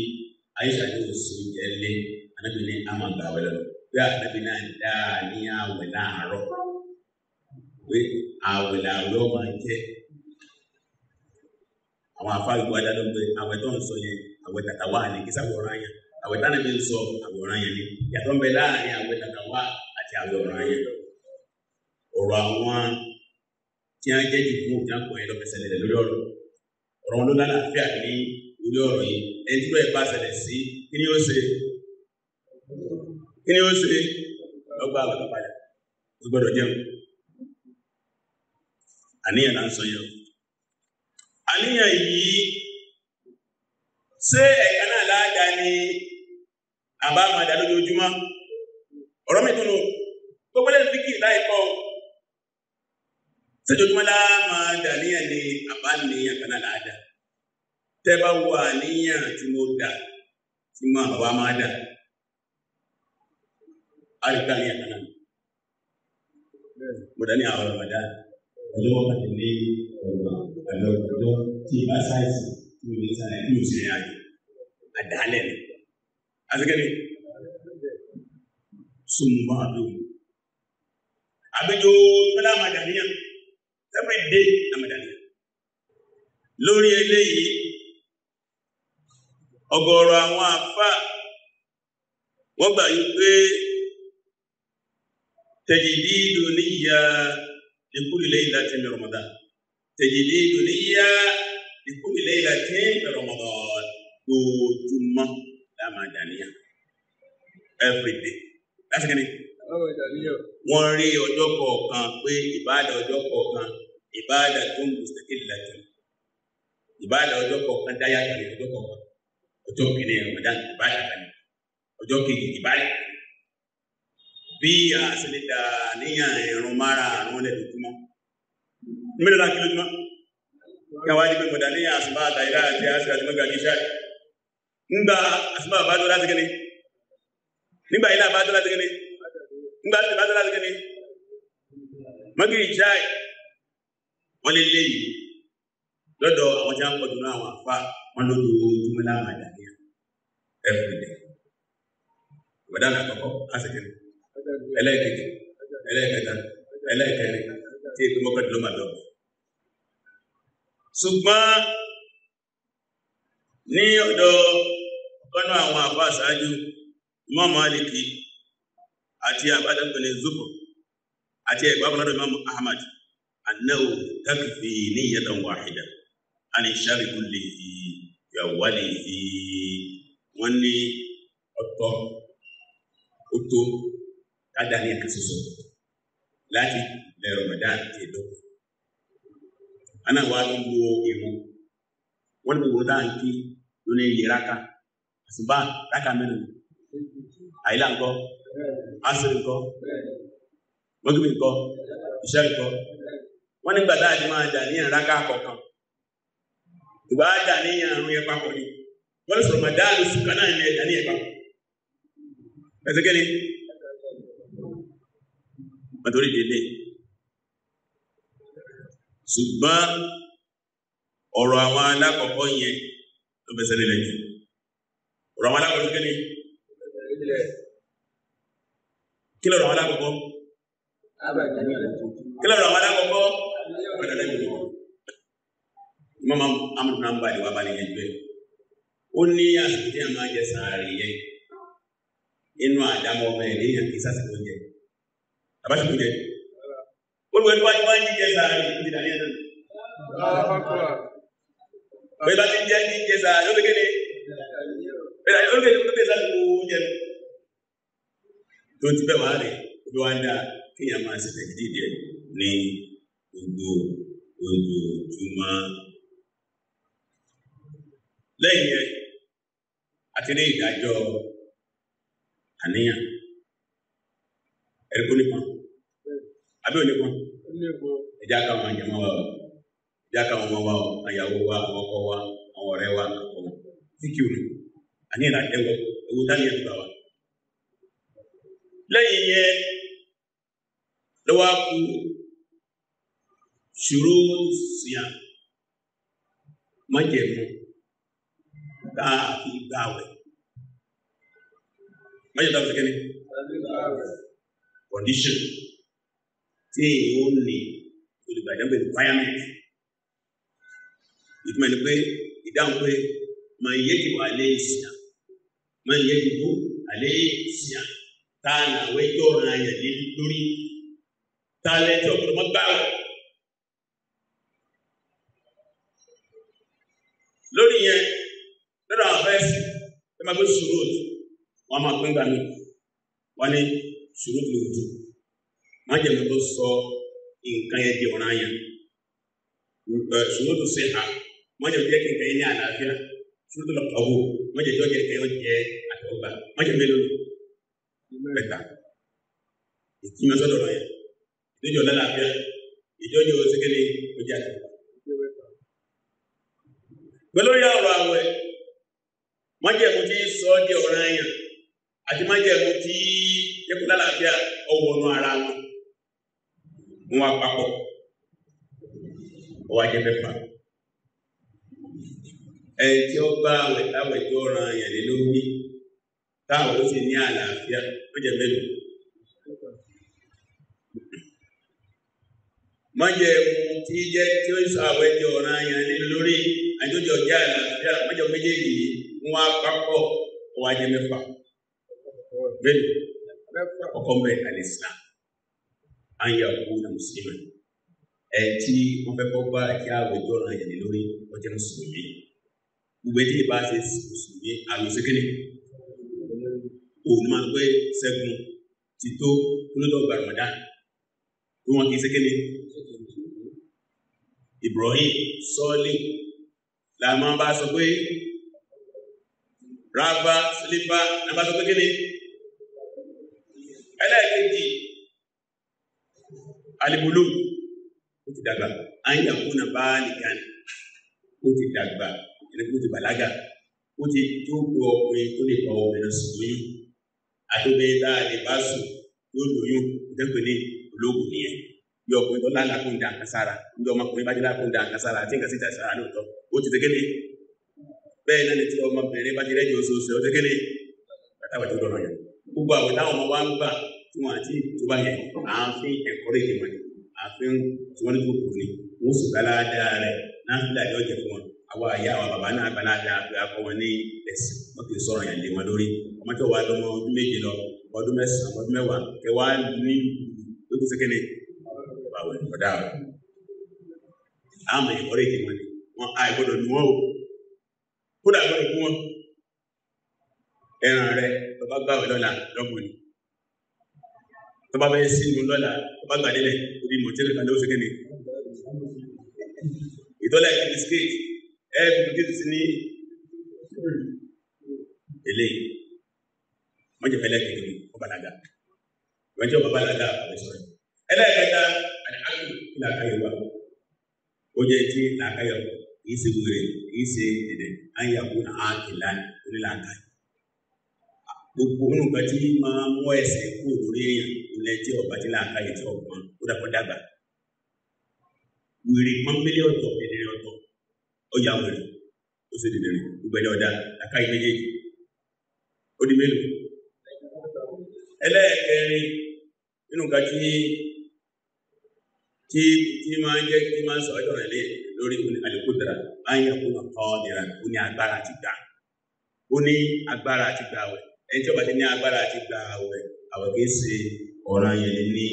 àìsà ní oṣù oúnjẹ lé ànábì ní amàgbà wẹ̀ lọ pé ànábì náà dáa ní àwẹ̀ láàárọ̀ pé àwẹ̀ làwẹ̀ ọmọ jẹ́ àwọn afáàgbọ́ adájọ́ pé àwẹ̀ tó ń sọ yẹn àwẹ̀ tàtà wà ní kíṣà wọ̀rọ̀ àyàn àwẹ̀ tánà mi ń sọ àwẹ̀ ọ̀rọ̀ àyàn ni yàtọ̀ ń bẹ láàrin àwẹ̀ tàtà wà àti àwẹ̀ ọ̀rọ̀ àyàn ọ̀rọ̀ àwọn tí wọ́n jẹ́ jù fún òkè àpò ẹ̀ lọ́fẹ̀ẹ́ ṣẹlẹ̀ lórí ọ̀rọ̀ ọ̀rọ̀ ló lálàáfíà ní orí ọ̀rọ̀ yìí ẹni tí wọ́n bá ṣẹlẹ̀ sí kí ni ó ṣe kí ni ó ṣe ọgbà àgbà padà ó gbọ́dọ̀ jẹun àníyàn là ń sọ yẹn àníyàn yìí ṣé ẹ̀ka náà láàdá ni àbá máa dá lójoojúmọ́ ọ̀rọ̀ mi dùn ún gbogbo lẹ́nu fíkì láìpọ̀ ọ́ sẹjọjúmọ́ la máa dà níyàn ní àbá níyàn kan náà la dà tẹ́ bá wà níyàn tí mo dà tí mo àbá máa dà á lè dà níyàn kan náà mo dà ní àwọn ọ̀dà ọjọ́ wákàtí ní ọ̀dọ̀ ọjọ́ tí bá sáyẹ̀sì tí mo lè sáyẹ̀ tí mo sì rìn àjò àdálẹ̀ ni àtẹ́kẹ́ni sùnmọ́ àdó àgbẹjọ́ pẹ́lá máa dà níyàn every day amadani lórí eléyìí ọ̀gọ̀rọ̀ àwọn àfà wọ́n gbà yí pé tẹ̀jìdìdò níyà lèkúrì lẹ́yìn láti ní Ramadan tẹ̀jìdìdò níyà lèkúrì lẹ́yìn láti ní Ramadan lójúmọ́ lámàdàníyà every day láti kí ni wọ́n rí ọjọ́ kọ̀ọ̀kan pé ìbáàdà ọjọ́ kọ̀ọ̀kan ìbáàdà tó ń gbèsè ìlà tó ìbáàdà ọjọ́ kọ̀ọ̀kan dáyà kàlẹ̀ ọjọ́ kọ̀ọ̀kan ọjọ́ kìíní Ramadan ìbáàdà kàlẹ̀ ọjọ́ kejì ìbáàdà bí àṣìlẹ̀dà níyàn ẹ̀rùn mara àrùn lẹ́dọ̀kúmọ́ mẹ́rin láti lójúmọ́ káwàá di pé mọ̀dà ní àṣìbá àtàìlá àti àṣìbá àti mọ́gbà gíṣà ńgbà àṣìbá àbájọ́ láti gẹ́ni nígbà ilá àbájọ́ láti gẹ́ni ńgbà àṣìbá àbájọ́ láti gẹ́ni mọ́gìrì jáì wọ́n lé léyìí lọ́dọ̀ àwọn tí wọ́n pọ̀ jùlọ àwọn àfa wọn ló dúró ojúmọ́ láwọn àdàníyà ike ìbàdàn àkọ́kọ́ àṣekẹ́ni ẹlẹ́ẹ̀kejì ẹlẹ́ẹ̀kẹta ẹlẹ́ẹ̀kẹrin tí èpè mọ́kàndínlọ́mà lọ. ṣùgbọ́n ní ọ̀dọ̀ ọ̀kanú àwọn àfa ṣáájú Imam Maliki àti àbádọ́gbẹ̀ni Zubo àti ẹ̀gbọ́n àbọ̀lọ́dọ̀ Imam Ahmad أنه تكفي نية واحدة عن الشر كله يوله wọ́n ní ọ̀tọ̀ ó tó dáadáa ní ẹ̀ka soso láti lẹ Ramadan tẹ̀ lọ́wọ́. Ana wa ló wo irun wọ́n ní gbogbo táwọn kí lónìí lè raka àsùbá raka mẹ́rin àyílá ńkọ́ asiri ńkọ́ mọ́gìmì ńkọ́ ìṣẹ́ ńkọ́ wọ́n nígbà tá a ti máa jà ní ìrànlágà kọ̀ọ̀kan ìgbà á jà ní àrùn yẹn papọ̀ ni wọ́n lè sọ̀rọ̀ mà dá lóṣù kan náà ní ẹ̀jà ní ẹ̀pá ẹ̀sẹ̀ kẹ́ni pàtórí délé ṣùgbọ́n ọ̀rọ̀ àwọn alákọ̀ọ́kọ́ yẹn ló fẹsẹ̀ lélẹ̀ jù ọ̀rọ̀ àwọn alákọ̀ọ́kọ́ kẹ́ni kí lọ́rọ̀ àwọn alákọ̀ọ́kọ́ kí lọ́rọ̀ àwọn alákọ̀ọ́kọ́ padà lẹ́nu lọ. Mọ́mọ́ Amadu náà ń bá ìwà balẹ̀ yẹn gbẹ. Ó ní àsìkò tí a máa jẹ sàárì yẹn. Inú àdámọ́ ọmọ ẹ̀ léyìn kí sásìkò jẹ. Àbáṣepọ̀ jẹ. Olùwẹ̀ tó wá ní wá ní jẹ sàárì ní ìdálẹ́ náà. Bẹ́ẹ̀ bá ti jẹ́ ní jẹ sàárì ó kéde. Bẹ́ẹ̀ ni ó lé kéde ó sàárì ó jẹ. Tó ti bẹ́ẹ̀ wá rè é, ó wá ń dà kéèyàn máa ṣe tẹ̀gídì gbogbo ojoojúmọ́. Lẹ́yìn yẹn, a ti ní ìdájọ́ àníyàn. Ẹ̀rí kò nípọn. Àbí ò nípọn? Ẹja ká wọn àjẹmọ́ wa o. Ẹja ká wọn ọmọ wa o. Àyàwó wa, àwọn ọkọ wa, àwọn ọ̀rẹ́ wa, àkọ́kọ́ Fíkìú ni. Àníyàn àti ẹwọ. Ewu dání ẹ̀ gbà wá. Lẹ́yìn yẹn, lọ́wọ́ á kú ṣòro síyà májẹ̀mú tá a fi gbà wẹ̀ májẹ̀mú tá a fi kẹ́ni condition tí èyí ó ní olùgbàdàn bẹ requirement ìtumọ̀ ni pé ìdáhùn pé máa yẹ kí wà lé ìsìyà máa yẹ kí bú àlé ìsìyà tá a làwẹ́ jọ̀ràn àyàn lórí tá a lẹ́tọ̀ ọ̀pọ̀lọpọ̀ gbà wẹ̀. pẹ̀lú ṣùrùt wọ́n máa pín gbà mí wọ́n ní ṣùrùt ló dùn má jẹ́ mi tó sọ nǹkan yẹn di ọ̀ràn yẹn ṣùrùt ṣe hà má jẹ́ jẹ́ kẹ̀kẹ́ yẹn ní àlàáfíà ṣùrùt lọ kọ̀wó má jẹ́ jọ́ kẹ̀kẹ́ yẹn jẹ́ àtọ̀gbà má jẹ́ mélòó mẹ́ta ìtìmọ́sọ́dọ̀ rẹ̀ ìdíjọ́ lálàáfíà ìjọ́jọ́ ṣẹ́kẹ́lẹ́ ọjà àtọ̀gbà. pẹ̀lú ìyá ọ̀rọ̀ àwẹ̀ májẹ̀mú tí sọ ọ́ di ọ̀ràn yàn àti májẹ̀mú tí yẹ́kùn lálàáfíà ọwọ́ ọ̀nà ara wọn mú wa papọ̀ ọwọ́ ajẹ́ mẹ́fà ẹni tí ó bá àwẹ̀ táwẹ̀ tó ọ̀ràn yàn lé lórí táwọn ó sì ní àlàáfíà májẹ̀ mélòó májẹ̀mú tí jẹ́ tí ó sọ àwẹ̀ di ọ̀ràn yàn lé lórí àjọjọ jẹ́ àlàáfíà májẹ̀mú méjèèjì yìí wọn àpapọ̀ ọwọ́ ajé mẹ́fà bẹ́ẹ̀ ọkọ̀ mbẹ́ alẹ́sìlám àyà owó na mùsùlùmí ẹ̀ tí wọ́n fẹ́ kọ́ bá kí àwùjọ náà yẹn lórí ọjọ́ mùsùlùmí ìwé tí ìbá ṣe mùsùlùmí àlùsíkìlì òun máa pẹ́ sẹ́gun ti tó kúlódọ̀ gbàrúmọ̀dá tó wọn kì í sẹ́kẹ́lì Ibrahim sọ́ọ́lì làwọn bá sọ pé raba silipa nàbà tó kékeré ẹlẹ́ẹ̀kejì alibulu ó ti dàgbà anyakuna baali kan ó ti dàgbà ẹni kó ti bàlágà ó ti tó gbọ́ ọkùnrin tó lè pa obìnrin sùn lóyún àtòbìnrin tá a lè bá sùn yóò lóyún ìdẹ́gbẹ̀ ní ológun nìyẹn yọ ọkùnrin tó lálàkùn dà nkására ní ọmọkùnrin bá dé lákùn dà nkására àti nǹkan sí ìjà ìsára lóòótọ́ ó ti tẹ́gẹ́ ní bẹ́ẹ̀ náà ni tí ọmọbìnrin bá ti rẹ́jọ oṣooṣù ọdún kéde látàwọn tó dọ̀rọ̀ yẹn gbogbo àwọn táwọn ọmọ wa ń gbà tí wọn àti tó bá yẹn à ń fi ẹ̀kọ́ rẹ̀ jẹ wọn ni à ń fi tí wọ́n ní tó kù ni wọ́n sì gbálá dáa rẹ̀ náà fi dàdé ọ̀jẹ̀ fún wọn àwọn àyà àwọn bàbá náà gbálá dáa pé akọ wọn ní ẹ̀sìn wọn kì í sọ̀rọ̀ yẹn lé wọn lórí ọmọ tó wà lọ́mọ ọdún méje lọ ọdún mẹ́sàn-án ọdún mẹ́wàá ẹ wá ní lókun sékéle báwo ni ọ̀dà kódà gbọ́dọ̀ kú wọn ẹran rẹ bàbá gbàwé lọ́la lọ́gbọ̀n ni tọba bẹ sí inú lọ́la tọba gbàdé lẹ orí mọ̀tẹ́lì kan lọ́wọ́ sókè ni ìtọ́lá ìlú bisikíìtì ẹ bisikíìtì sí ní èlé wọ́n jẹ́ fẹ́lẹ́ kékeré wọ́n balaga wọ́n jẹ́ wọ́n balaga àwọn sọ̀rọ̀ ẹlẹ́ẹ̀kẹta àti àkùn làákàyọ̀ wa ó jẹ́ ti làákàyọ̀ wa. isiwere isiyede anyakuna akilani onílàkà gbogbo nínú nǹkan tí máa mú ẹsẹ̀ kúrò lórí èèyàn ilẹ̀ tí ọba ti láàka yìí tí ọgbọ́n ó dàpọ̀ dàgbà wèrè pọ́nbélé ọ̀tọ̀ ẹ̀dẹ̀rẹ̀ ma sọ lórí àlékúdàrà báyọ̀ kó náà kọ́ nira ó ní agbára àti gbà ó ní agbára àti gbà wẹ̀ ẹni tí ó bá ti ní agbára àti gbà wẹ̀ àwẹ̀ kìí ṣe ọ̀ràn yẹn ní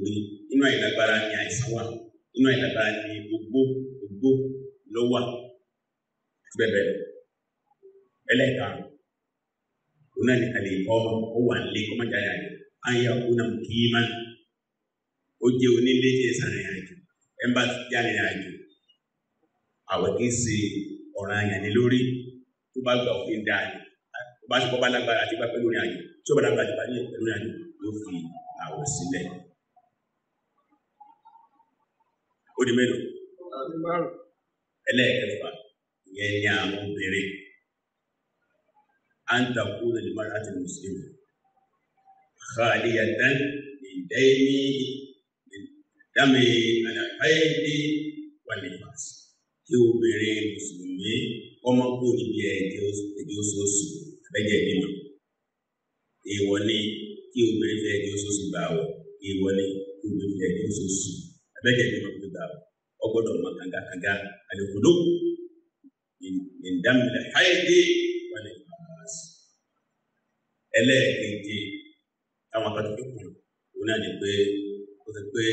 orí inú àìlágbára ni àìsàn wà inú àìlágbára ni gbogbo gbogbo ló wà bẹ́ẹ̀ ẹlẹ́ẹ̀kan òun náà ní kàlẹ́ ìkọ́ ó wà nílé kọ́mọ́jáde àyè ayé ọ̀hún náà kì í má ó jẹ́ onílé jẹ́ sàrìn àjò ẹ̀ ń bá jáde àjò àwẹ̀ kì í ṣe ọ̀ràn àyàn ní lórí tó bá gba òfin dáa ni tó bá ṣùgbọ́n bá lágbára àti gbà pẹ̀lú ìrìnàjò tí ó bá lágbára àti gbà pẹ̀lú ìrìnàjò ló fi àwẹ̀ sílẹ̀. ó di mélòó? ẹlẹ́ẹ̀kẹfà ìyẹn ni àwọn obìnrin anta kuna lè mara àti mùsùlùmí khaliyatan min dayni min dami al-hayd wal-nifas kí obìnrin mùsùlùmí ọmọ kúrò níbi ẹ̀jẹ̀ oṣooṣù abẹ́jẹ̀ bímọ èèwọ̀ ni kí obìnrin fi ẹ̀jẹ̀ oṣooṣù gbà wọ̀ èèwọ̀ ni kí obìnrin fi ẹ̀jẹ̀ oṣooṣù abẹ́jẹ̀ bímọ fi gbà wọ̀ ọgbọ́dọ̀ mọ kangakanga àlèkùdó ìdámilẹ̀ háìdé wọlé ìfàmásì ẹlẹ́ẹ̀kejì táwọn akọ́tọ̀ fi kùn òun náà ni pé ó ti pé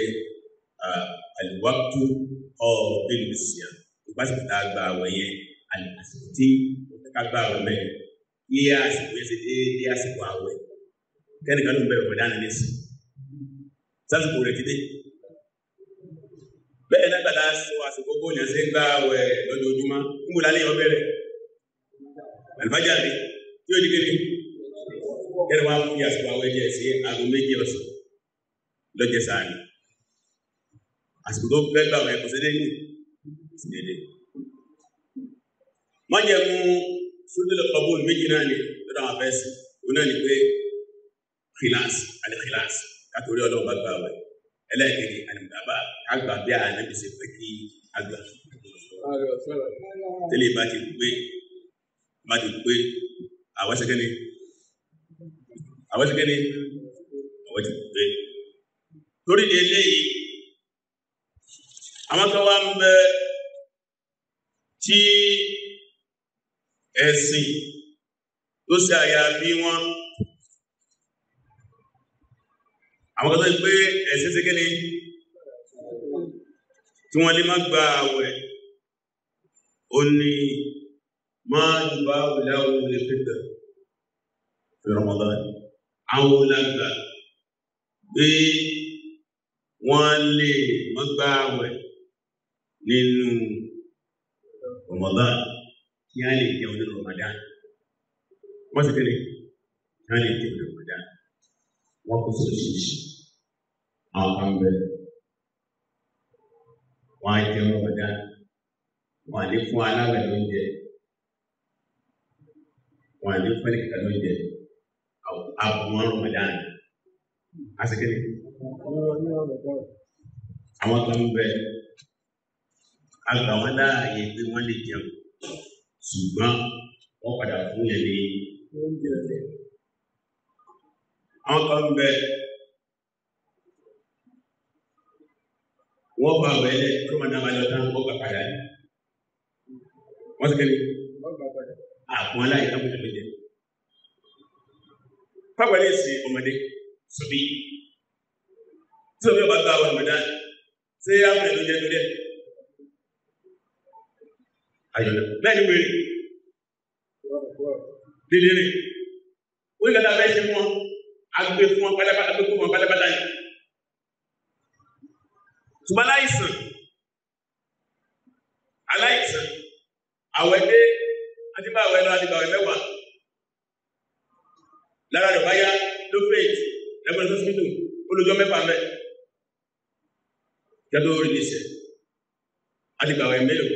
àlùwàtú ọ̀ọ́ bílíọ̀sì àná bá sì ta gba àwẹ̀ yẹn àsìkò tí o fẹ́ ká gba àwẹ̀ bẹ́ẹ̀ kí àsìkò yẹn ṣe déédéé àsìkò àwẹ̀ kẹ́nìkan ló ń bẹ̀rẹ̀ ọ̀dá nínú sí sásìkò rẹ̀ ti dé bẹ́ẹ̀ náà gbàdá sọ àsìkò bóyá ṣe ń gba àwẹ̀ lọ́dọọdúnmá ń wò lálẹ́ yẹn bẹ̀rẹ̀ àlùfájà rẹ̀ tí ó di kéde kẹ́ni wàá fún yàtọ̀ àwẹ̀ jẹ́ sí aago méje ọ̀sán lọ́jọ́ sáà ni àsìkò tó fẹ́ gbà wẹ̀ kò sí dé sí dédé. Májẹ̀mú Súdúlẹ̀ Pabol méjì náà ni lọ́dọ̀ àwọn o òun náà ni pé kìláàsì, a kìláàsì, o ọlọ́run bá gbà wẹ̀. Ẹlẹ́ẹ̀kejì, àlùgbàbà, àgbà a ànábì ṣe fẹ́ kí àgbà. Tẹ́lẹ̀ bá ti pé, bá ti pé, àwọn ṣẹ́kẹ́ ni, àwọn ṣẹ́kẹ́ ni, àwọn ti pé. Torí ni eléyìí, àwọn kan wá ń tí ẹ̀sìn tó ṣe àyàfi wọn àwọn tó ń pé ẹ̀sìn sí kíni tí wọ́n lè má gba àwẹ̀ ó ní máa jùbá òlà òlè pẹ̀tẹ̀ Ramadan àwọn olàgbà pé wọ́n lè má gba àwẹ̀ nínú Ramadan kí á lè jẹun ní Ramadan wọ́n ti kéde kí á lè jẹun ní Ramadan wọ́n kó sí oṣooṣì àwọn kan bẹ wọ́n á jẹun Ramadan wọ́n á lè fún aláwẹ̀ lóúnjẹ wọ́n á lè fún ẹnìkan lóúnjẹ àbùwọ̀n Ramadan á sì kéde àwọn kan bẹ a gbà wọ́n láàyè pé wọ́n lè jẹun ṣùgbọ́n wọ́n padà fún yẹn ní oúnjẹ rẹ̀. àwọn kan bẹ wọ́n bá wẹ̀ lẹ̀ tó máa dábàá lọ tán wọ́n gbà padà yìí wọ́n ti kéde àpò aláyè náà kò jẹ. pápá lè sin ọmọdé sọ̀bí tí sọ̀bí ọba gba ọmọdé ṣé àwọn ẹ̀dọ́ jẹ́ lórí ẹ̀ ayọ̀ bẹ́ẹ̀ ni wèrè dèdè rè wọ́n yìí kàtà bẹ́ẹ̀ ṣe fún wọn agbe fún wọn pátápátá agbe fún wọn pátápátá yìí ṣùgbọ́n aláìsàn aláìsàn àwẹ̀ dé àtibá àwẹ̀ lọ àtibá àwẹ̀ mẹ́wàá lára rẹ̀ báyá ló fèèjì lẹ́gbẹ̀rún tó síbítù olùjọ́ mẹ́fà mẹ́ jẹ́ tó rí nìṣẹ́ àtibá àwẹ̀ mélòó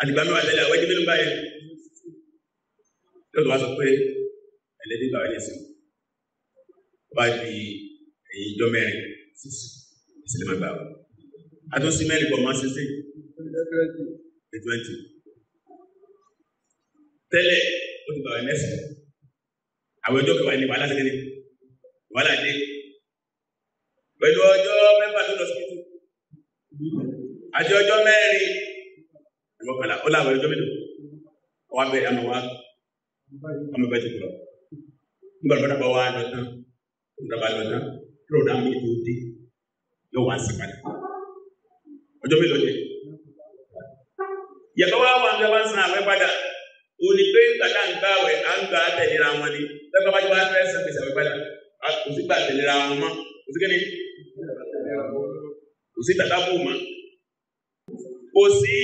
alìbámi wà lẹ́lẹ̀ àwọn ẹgbẹ́ mélòó báyẹn lọ́dọ̀ wá sọ pé ẹlẹ́dẹ́ bá wáyé sí wá di ẹ̀yìn ìjọ mẹ́rin sísè ìsìlẹ̀ máa gbà wọ́n àtúnṣe mẹ́rin pọ̀ máa ṣiṣẹ́ ní twenty tẹ́lẹ̀ ó ti bá wáyé mẹ́sàn àwọn ẹjọ́ kẹwàá ní wàhálà sẹ́kẹ́ni wàhálà dé pẹ̀lú ọjọ́ mẹ́fà tó lọ sí tuntun àti ọjọ́ mẹ́rin ìmọ̀kànlá ó láwọn ọjọ́ mélòó ọwọ́ abẹ́rẹ́ àmọ́ wa ọmọ bẹ́ẹ̀ ti kúrọ̀ nígbà tó dábàá wa lọ tán dábàá lọ tán tó dáa mú ìlú dé yóò wá sí padà ọjọ́ mélòó jẹ yàtọ̀ wa wà nígbà wá ń san àwẹ̀ padà òní pé gbàdá ń gbà wẹ̀ à ń gbà tẹ̀léra wọn ni lọ́kọ̀ bá jẹ́ wá fẹ́ sàn fèsì àwẹ̀ padà kò sí gbà tẹ̀léra wọn mọ́ kò sí kẹ́ni kò sí tàdábù mọ́ kò sí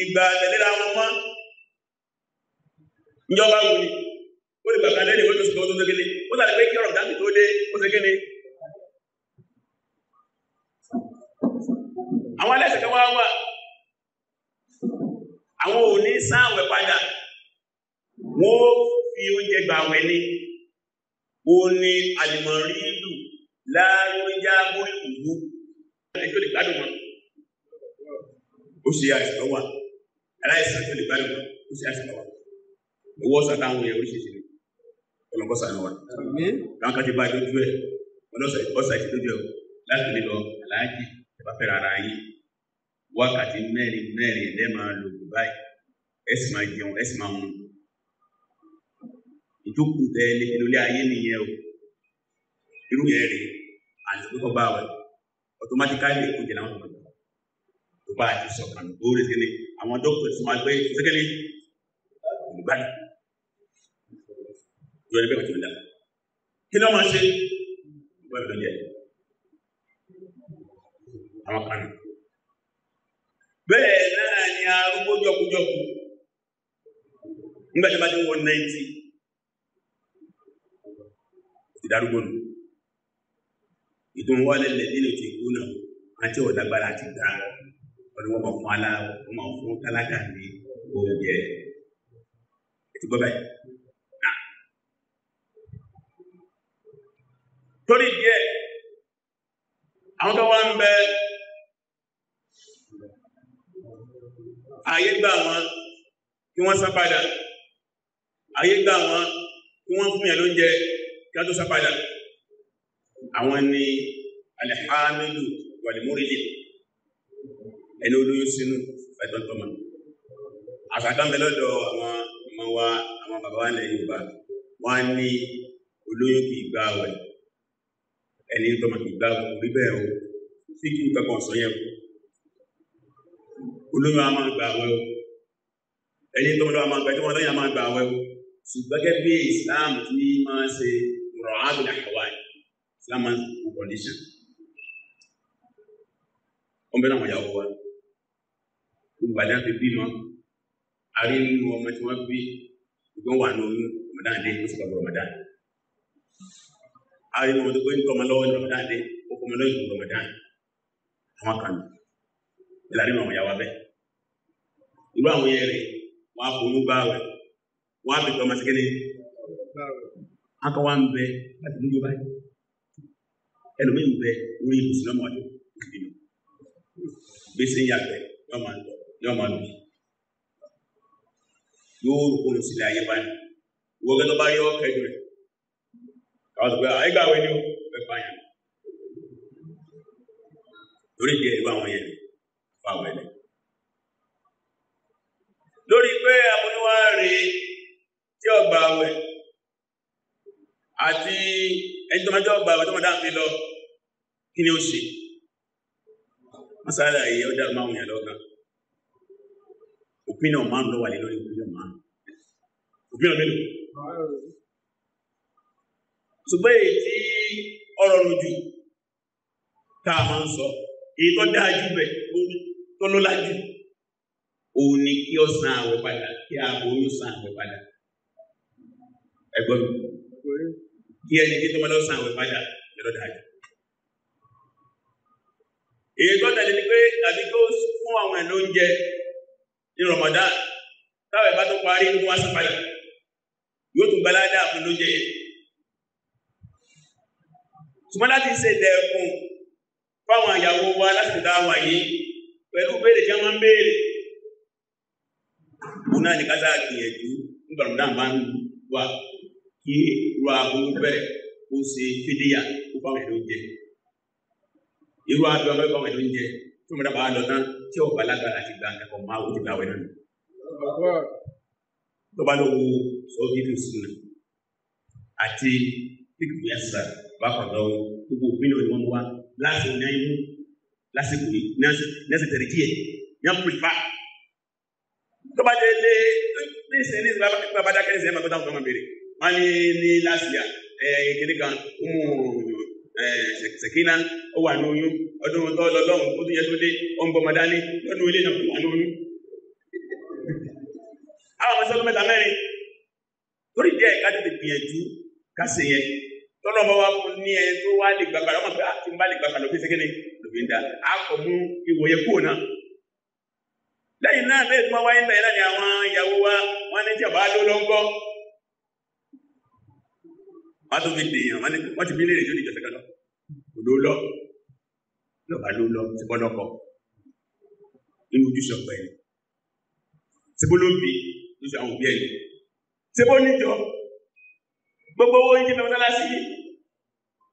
ìgbà àtẹ̀lera wọn mọ́ ìjọba wù ní ó lè gbàgbà lẹ́yìn ìwé tó sì tó tẹ́lẹ̀ ó sàlẹ̀ pé kí ọ̀rọ̀ gáàmì tó dé ó ṣe kéde. àwọn ẹlẹ́sẹ̀ kan wá wà àwọn ò ní padà wọ́n fi oúnjẹ gbà wẹ̀ ni ó ní àlùmọ̀rí ìlú láàrin jábọ̀ ìlú ẹni lè gbádùn wọn ó ṣe àìsàn wà aláìsàn tó lè báyọ̀ ó ṣe àìsàn wà owó ọ̀sán táwọn èèyàn oríṣiríṣi ni ọlọ́kọ́ sànù wa káwọn kan ti bá dojú ẹ̀ ọlọ́sà ti dojú ẹ̀ láti lè lọ aláàjì ìbá fẹ́ rárá yín wákàtí mẹ́rin mẹ́rin ẹ̀ máa lò kù báyìí ẹ̀ sì máa jẹun ẹ̀ sì máa mu ìjókòó tẹ ẹ lè lólé ayé nìyẹn o irú yẹn rèé àti pé kọ́ bá wẹ̀ automatically kò jẹ̀ láwọn bá a ti sọ̀kan ó rè sí ni àwọn dókítà tó máa gbé sẹ́kẹ́lì olùgbàdì yóò rí bẹ́ẹ̀ tó ń dà kí ló máa ṣe wọ́n fi lóye àwọn kan nù. bẹ́ẹ̀ náà ni arúgbó jọkujọku nígbà tí a bá ti wọ náìtì ìdarúgbó nù ìdùnnú wà lẹ́lẹ̀ nínú ti kú náà àti ọ̀dàgbára àti dáa wọn ni wọ́n máa fún alá wọ́n máa fún tálákà ní oúnjẹ ètò gbọ́ báyìí. torí díẹ̀ àwọn kan wá ń bẹ ààyè gbà wọn kí wọ́n sá padà ààyè gbà wọn kí wọ́n fún yẹn lóúnjẹ kí wọ́n tó sá padà àwọn ni alihamidu wàlímúrílì ẹni olóyún sínú ẹ̀tọ́tọ́mọ àṣàkánbẹ lọ́dọ̀ àwọn ọmọ wa àwọn bàbá wa ilẹ̀ Yorùbá wọ́n á ní olóyún kì í gba àwẹ̀ ẹni tọ́mọ kì í gba àwẹ̀ orí bẹ́ẹ̀ o sí kí nǹkan kan sọ yẹn o olóyún a máa gba àwẹ̀ o ẹni tọ́mọ lọ́wọ́ a máa gba ẹni tọ́mọ lọ́yìn a máa gba àwẹ̀ o ṣùgbọ́n gẹ́gẹ́ bí Islam ti máa ṣe rọ̀ ábìlì àkàwà Islam máa ń kọ̀ condition ọmọbìnrin àwọn ìyàwó wa gbàdá fi bímọ àrí nínú ọmọ tí wọ́n bí ìgbọ́n wà ní oyún Ramadan dé ó sì gbàgbọ́ Ramadan àrí nínú ọmọ tó gbé ń tọmọ lọ́wọ́ ní Ramadan dé ó kọmọ lọ́wọ́ ìgbàgbọ́ Ramadan àwọn kan ìlànà ìmọ̀ ìyàwó abẹ́ irú àwọn yẹn rẹ̀ wọ́n á fòyún gbá rẹ̀ wọ́n á bẹ̀ sí kéde akọwa ń bẹ láti ní yorùbá yìí bẹ orí ìbùsùn náà mọ̀ gbèsè ń yàgbẹ́ yọ̀ọ́ máa yóò máa lò ní yóò rò kó sílẹ̀ ayé bá ní ìwọ gẹ́gẹ́ bá yọ kẹjọ rẹ̀ káwọn tó pé ah, àyíká wẹ̀ ni ó fẹ́ bá yẹn lórí ìdí ẹ̀rọ àwọn yẹn fà wẹ̀lẹ̀ lórí pé amúníwá rèé tí ọgbà wẹ̀ àti ẹni tó máa jọ ọgbà wẹ̀ tó máa dáhùn lọ kí ni ó ṣe mọ́sálà yìí ó dá máa wùyàn lọ́gàn mílíọ̀nù márùn ló wà lé lórí mílíọ̀nù márùn mílíọ̀nù mélòó. ṣùgbọ́n èyí tí ọ̀rọ̀ nu jù tá a máa ń sọ èyí tó dáa jù bẹ̀ tó lọ́la jù òun ni kí ọ san àwẹ̀ padà kí ààbò oyún san àwẹ̀ padà ẹ̀gbọ́n mi kí ẹni kí tọmọdé san àwẹ̀ padà lọ́dọ̀ dáa jù èyí tó dáa ni pé àbí kó fún àwọn ẹ̀ lóúnjẹ ní Ramadan táwọn ẹ̀bá tó parí gbogbo wá sápáyà yóò tún gbalada fún lóúnjẹ yẹn ṣùgbọ́n láti ṣe ìdẹ̀kùn fáwọn ìyàwó wa láti dá wà yìí pẹ̀lú béèrè tí wọ́n máa ń béèrè òun náà ní ká sáà gbìyànjú nígbà Ramadan bá ń wà kí irú aburú bẹ̀rẹ̀ kó ṣe fídíà kó fáwọn ẹ̀dọ́ oúnjẹ irú aburú bẹ̀rẹ̀ kó fáwọn ẹ̀dọ́ oúnjẹ tó mọ̀ dábàá lọ tán tí o balaga láti gba nǹkan kan máa o ti gba àwẹ̀ lónìí. tó bá lọ wo sọ fífi sunna àti fífi yasa bákọ̀dọ̀ gbogbo òpinnu ni wọ́n wá láti ní ayé mú lásìkò yìí nẹ́sẹ̀ tẹ̀lé díẹ̀ yẹn pèfà tó bá lé lé ní ìsẹ́ni bàbá dákẹ́ ìsẹ́ni bàbá dákẹ́ ìsẹ́ni wọ́n ní ní lásìá ẹ̀ẹ́dẹ́gbẹ̀kan ọmọ ẹ̀ẹ́dẹ́gbẹ̀kan ó wà ní oyún ọdún tó lọ lọ́hùn ó tún yẹ tó dé ó ń bọ̀ mọ̀dání lọ́dún ilé náà wà lóyún. àwọn ọmọ sọ́dún mẹ́ta mẹ́rin lórí díẹ̀ ká tètè gbìyànjú ká ṣe yẹn tọ́lọ́ bá wa fún ní ẹ tó wá lè gbàgbà ọmọ pé àti ah, ń bá lè gbàgbà lókè sékéne lókè ń da á kọ̀ mú ìwò yẹn kúrò náà. lẹ́yìn náà lẹ́yìn tó wá wáyé náà ni àwọn ìyàwó wa wọ́n ní tí ọba ló lọ́ńgọ́ wọ́n tó fi dèèyàn wọ́n ti bí lè rè lórí yóò bá ló lọ sí bọ́lọ́kọ̀ nínú ojúṣe ọ̀pẹ yìí síbó ló ń bi lóṣù àwọn òbí ẹ̀ yìí síbó níjọ gbogbo owó yìí bẹ́ẹ̀ lọ́la sí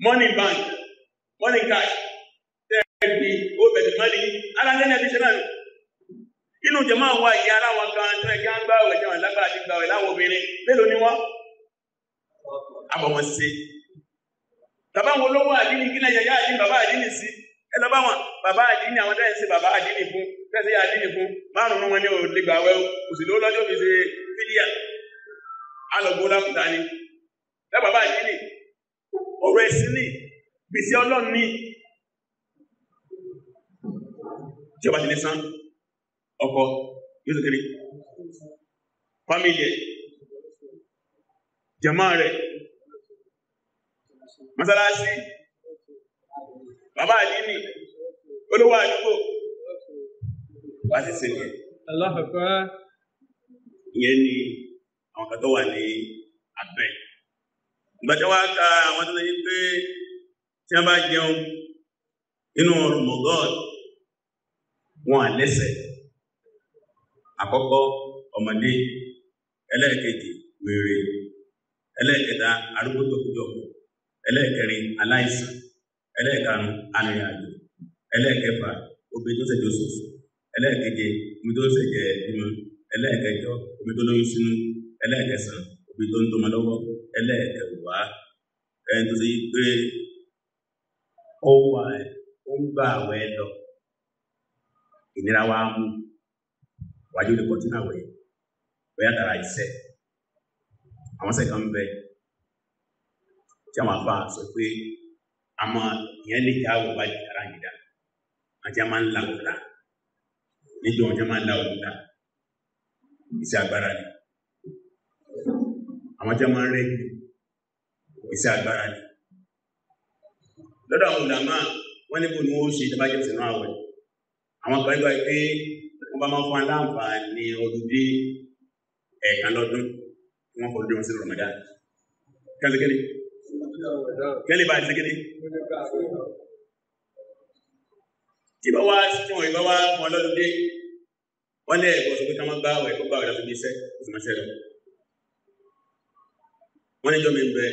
money bank money cash tẹ́ẹ̀ gbé owó bẹ̀rẹ̀ mọ́lì alásẹ́ni ẹbí ṣe náà lò inú jẹ́ máa wá ìyá aláwọ̀ kan tó ẹ̀kí àgbà ọ̀rẹ́ jẹ́ wọn lágbára ti gba ọ̀rẹ́ láwọn obìnrin mélòó ni wọ́n abọ̀wọ̀n sí. Bàbá wo ló wá àdínì kí náà yẹ̀yá àdínì bàbá àdínì sí ẹ lọ bá wọn bàbá àdínì àwọn tẹ́lẹ̀ ń ṣe bàbá àdínì fún tẹ́lẹ̀ ṣe àdínì fún márùn-ún wọn ni ò lè gbà wẹ́ o kò sì lówó lọ́jọ́ fi ṣe fídíà alọ̀gbó lákùtà ni lẹ́ bàbá àdínì ọ̀rọ̀ ẹ̀sìn ni gbèsè ọlọ́run ni tí ọba ti lè san ọkọ yóò tó kéré fámìlì ẹ jàmá rẹ mọ́sálásí bàbá àlìmí olówó àdúgbò wà á ti ṣe yẹn. aláfẹ́fẹ́. ìyẹn ni àwọn kan tó wà ní abẹ́ ìgbà tí wọ́n á ka àwọn tó lè pé tí wọ́n bá jẹun nínú rọmọgọ́d wọn à lẹ́sẹ̀ àkọ́kọ́ ọmọdé ẹlẹ́ẹ̀kejì wèrè ẹlẹ́ẹ̀kẹta arúgbó tó kú ẹlẹ́ẹ̀kẹrin aláìsàn ẹlẹ́ẹ̀kanu arìnrìnàjò ẹlẹ́ẹ̀kẹfà obìnrin tó ṣẹ̀jẹ̀ oṣooṣù ẹlẹ́ẹ̀keje omi tó ṣẹ̀jẹ̀ bímọ ẹlẹ́ẹ̀kẹjọ omi tó lóyún sínú ẹlẹ́ẹ̀kẹsàn obìnrin tó ń tọmọ lọ́wọ́ ẹlẹ́ẹ̀kẹwàá ẹni tó ṣe pé ó wà ó ń gbà àwẹ̀ lọ ìnira wa mú wájú lè kọtí náà dára iṣẹ́ àwọn sẹ̀kan ń bẹ tí àwọn àfa sọ pé Ama ìyẹn lè já wò báyìí ara yìí dá ajá máa ń la òkúta níjọ ọjọ́ máa ń la òkúta iṣẹ́ agbára ni àwọn ajá máa ń rẹ́ iṣẹ́ agbára ni lọ́dọ̀ àwọn olùdámà wọ́n níbo ni wọ́n ṣe ìjọba jẹ́ sínú àwẹ̀ àwọn kan gbà pé wọ́n bá máa fún aláǹfààní ọdúndé ẹ̀ẹ̀kan lọ́dún wọ́n kọ́ ọdún sí Ramadan kẹ́lẹ́kẹ́lẹ́ kẹ́lẹ́ bá ṣe kéde. tí bá wá tí wọ́n ìbá wá fún ọlọ́dún dé wọ́n lé ẹ̀kọ́ sọ pé ká má bá àwọn ẹ̀kọ́ bá ọ̀dà tó bí iṣẹ́ ìfúnmáṣẹ́ lọ. wọ́n níjọ́ mi ń bẹ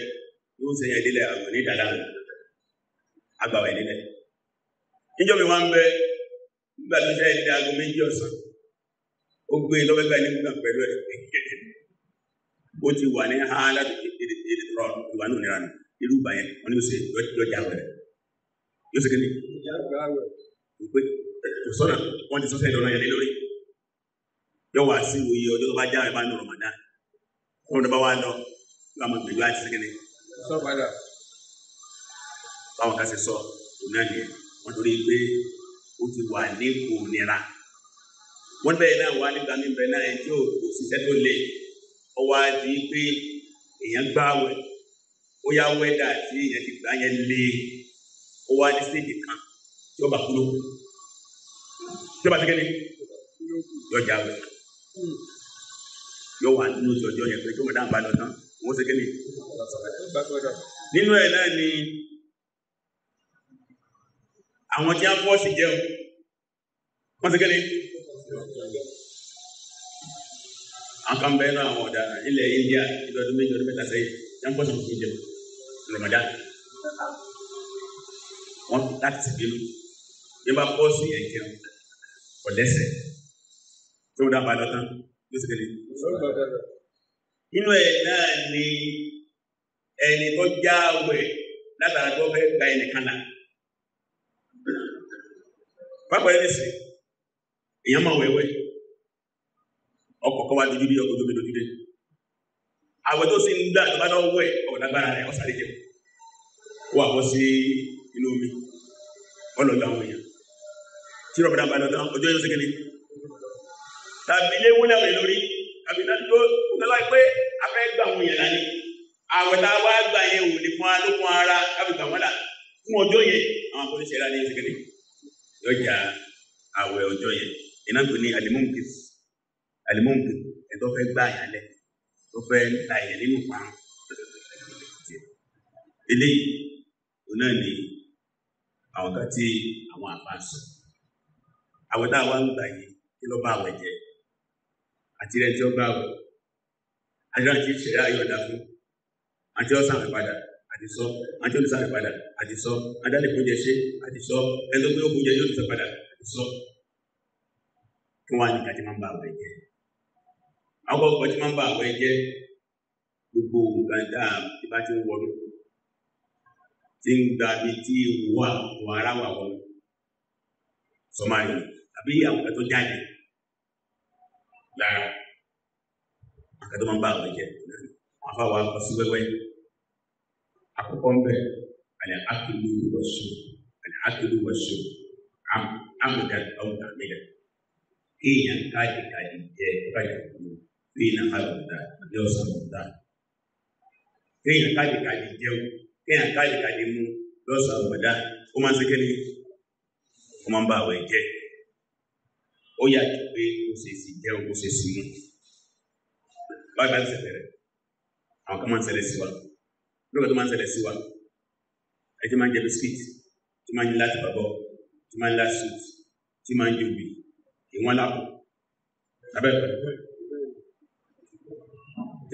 yóò ṣe yẹn délẹ̀ àwọn ní dàda àgbàwẹ̀ nílẹ̀. níjọ́ mi wá ń bẹ nígbà tó ṣe ẹ̀dẹ́ aago méjì ọ̀sán ó gbé lọ́wọ́gbà ní gbà pẹ̀lú ẹ̀ ó ti wà ní hàn láti ìdìrọ̀ ìwà náà nira nù irú ìgbà yẹn wọn ni yóò ṣe lọ́jà rẹ̀ yóò ṣe kéde. ìpè kò sọ́nà wọ́n ti sọ́sẹ́ ìdọ̀nà yẹn lórí yóò wá sí òye ọjọ́ tó bá já rẹ̀ bá ń lọ Ramadan wọn ló bá wá lọ wọn máa gbèjọ àti ṣẹ́kẹ́ni. báwọn kan ṣe sọ òun náà nìyẹn wọn torí pé ó ti wà ní kò nira wọn bẹ́ẹ̀ náà wà nígbà mímú bẹ́ẹ̀ náà ẹ̀ tí ò ṣiṣẹ́ tó le ọwọ́ àti pé èèyàn gbáwẹ̀ ó yá wẹ́dà tí èèyàn ti gbà yẹn lé ó wá ní stéèjì kan tí ó bá kúrò tí ó bá ti kéde wẹ̀ yóò wà nínú ti yẹn pé kí wọ́n dá àgbàdo tán wọ́n ṣe kéde. nínú ẹ̀ náà ni àwọn tí a fọ́ sí jẹun wọ́n ṣe kéde àwọn kan bẹ́ẹ̀ India ìdọ́dún méjì ọdún mẹ́ta sẹ́yìn tí a ń pọ̀ sí ìjẹun ramadan wọn láti ti bínú bí wọn bá bọ́ sí yẹn kẹrin kò lẹ́sẹ̀ tó ń dábàá lọ́tàn ló ti kẹ́lẹ́. nínú ẹ̀ náà ni ẹni tó jáwèé látara tó fẹ́ gba ẹnìkan náà pápá ẹni sè èèyàn máa wẹ̀wẹ̀ ọkọ̀ kọ́ wa dojú bí ọkọ̀ dojú bí dojú dé àwọn tó sì ń gbà tó bá náà wẹ̀ ọ̀dàgbára rẹ̀ ọ̀sàlẹ̀ jẹun wọ àwọn sí inú omi ọlọ́dọ̀ àwọn èèyàn tí rọ̀bìnà bá lọ́dọ̀ ọjọ́ yóò ṣẹ́gẹ́lẹ́ tàbí ilé wúlẹ̀ rẹ̀ lórí tàbí tó lọ́la pé afẹ́ gbà àwọn èèyàn lálẹ́ àwẹ̀ tá a wá gbà yẹn wò ní fún alókun ara káfí gbà wọ́n là fún ọjọ́ yẹn àwọn akọ́ni ṣẹlá ní ṣẹ́gẹ́lẹ́ yọjà àwẹ̀ ọjọ́ yẹn ìnáwó ní alimọ́nkì alimọ́nkì ẹ̀tọ́ gbà yàn lẹ́yìn tó fẹ́ àyè nínú parun eléyìí òun náà ni àwọn kan tí àwọn àbá sọ àwọn táwa ń gbà yìí kí ló bá àwẹ̀ jẹ àti rẹ tí ó bá àwẹ̀ àjọ àti ìṣẹ̀lẹ̀ ayọ̀dá fún àti ọ̀sán àpàdà àti sọ àti ọ̀sán àpàdà àti sọ adálẹ̀ kó jẹ ṣe àti sọ ẹni tó gbé ó kó yóò tún sọ padà àti sọ kí wọ́n á ní máa ń bá àwẹ̀ jẹ àwọn ọkọ̀ tí máa ń bá àwọn ẹjẹ́ gbogbo nǹkan tá a ti bá ti ń wọnú ti ń gba bí tí ewu wà wọ ara wà wọn sọmáyé àbí àwọn kan tó jáde lára àkàtà máa ń bá àwọn ẹjẹ́ wọn fà wà kọ sí wẹ́wẹ́ àkọ́kọ́ ń bẹ àlẹ́ àkìlú wọ̀ṣù àlẹ́ àkìlú wọ̀ṣù àmì àmì dàgbà ọ̀gbà mílẹ̀ kéèyàn káàdì káàdì jẹ káàdì kúrò kéèyàn ká lòdà àbí ọ̀sán lòdà kéèyàn kájìkájì jẹun kéèyàn kájìkájì mu lọ́sàn lòdà ó máa ń sékè ní ó máa ń bá àwẹ̀ jẹ́ ó yà jù pé ó ṣe sí jẹun ó ṣe sí mu báyìí bá ti ṣẹlẹ̀ rẹ̀ àwọn kan máa ń ṣẹlẹ̀ sí wa lókè tó máa ń ṣẹlẹ̀ sí wa ẹ ti máa ń jẹ bisikíìtì tí máa ń yí láti bàbọ̀ tí máa ń lá suit tí máa ń jẹ òbí ìwọ̀n lápò abẹ́rẹ́ pẹ̀lú pẹ̀lú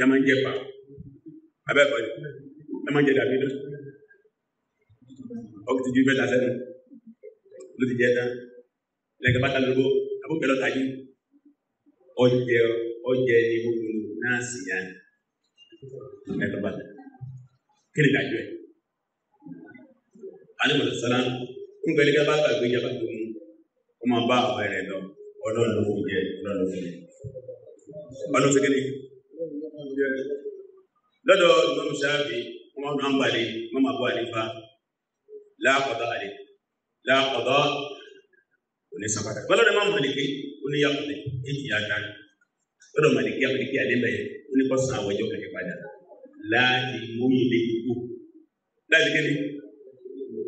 ẹ máa ń jẹ pa abẹ́ẹ̀kọ́ ni ẹ máa ń jẹ dàbí náà ọkùnrin ti ju mẹ́ta sẹ́nu ló ti jẹ tán lẹ́gbẹ̀ẹ́ bàtà lóko àbúkẹ́ lọ́ta yìí ọjẹ ọjẹ ni gbogbo náà sì yá lẹ́gbẹ̀ẹ́ bàtà kí ni dájú ẹ̀ alimọ̀tò sọ́nà ńgbẹ́lẹ́ ká bá gbàgbé ìjọba tó mú ọmọ bá ọ̀rẹ́ lọ ọlọ́run ló ń jẹ ọlọ́run ló ń jẹ ọlọ́run ló ń jẹ lọ́dọ̀ ìmọ̀mù sáàbì wọn máa ń balẹ̀ wọn máa bọ́ àlefa láàkọ̀dọ̀ àlè láàkọ̀dọ̀ òní sàpàtà pẹ̀lú ọ̀dọ̀ máa màlìkì òní yàkùnlẹ̀ èjì yàtà lọ́dọ̀ màlìkì yàkùnlẹ̀kì àlẹ́mẹ̀ òní kọ́ sàn àwọ̀jọ́ kẹ̀kẹ́ padà láti mú ilé ìgbò láti kéde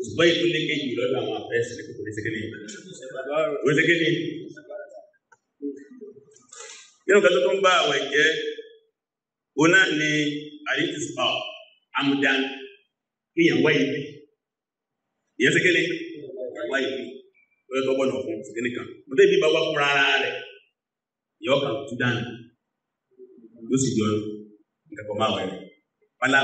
ṣùgbọ́n ìpínlẹ̀ kejì lọ́dọ̀ àwọn afẹ́sẹ̀ kò ní sẹ́kẹ́lẹ̀ yìí nínú kan tó tó ń bá àwẹ̀ jẹ́ òun náà ni àríkìsìpá amúdán kíyàn wá ibi ìyẹn sí kíni wá ọ wọ́n yẹ tọ́gbọ́n náà fún kan mo ibi bá wá ara rẹ̀ yọ kàn tú dànù yóò sì yọ nǹkan kan máa wẹ̀ bala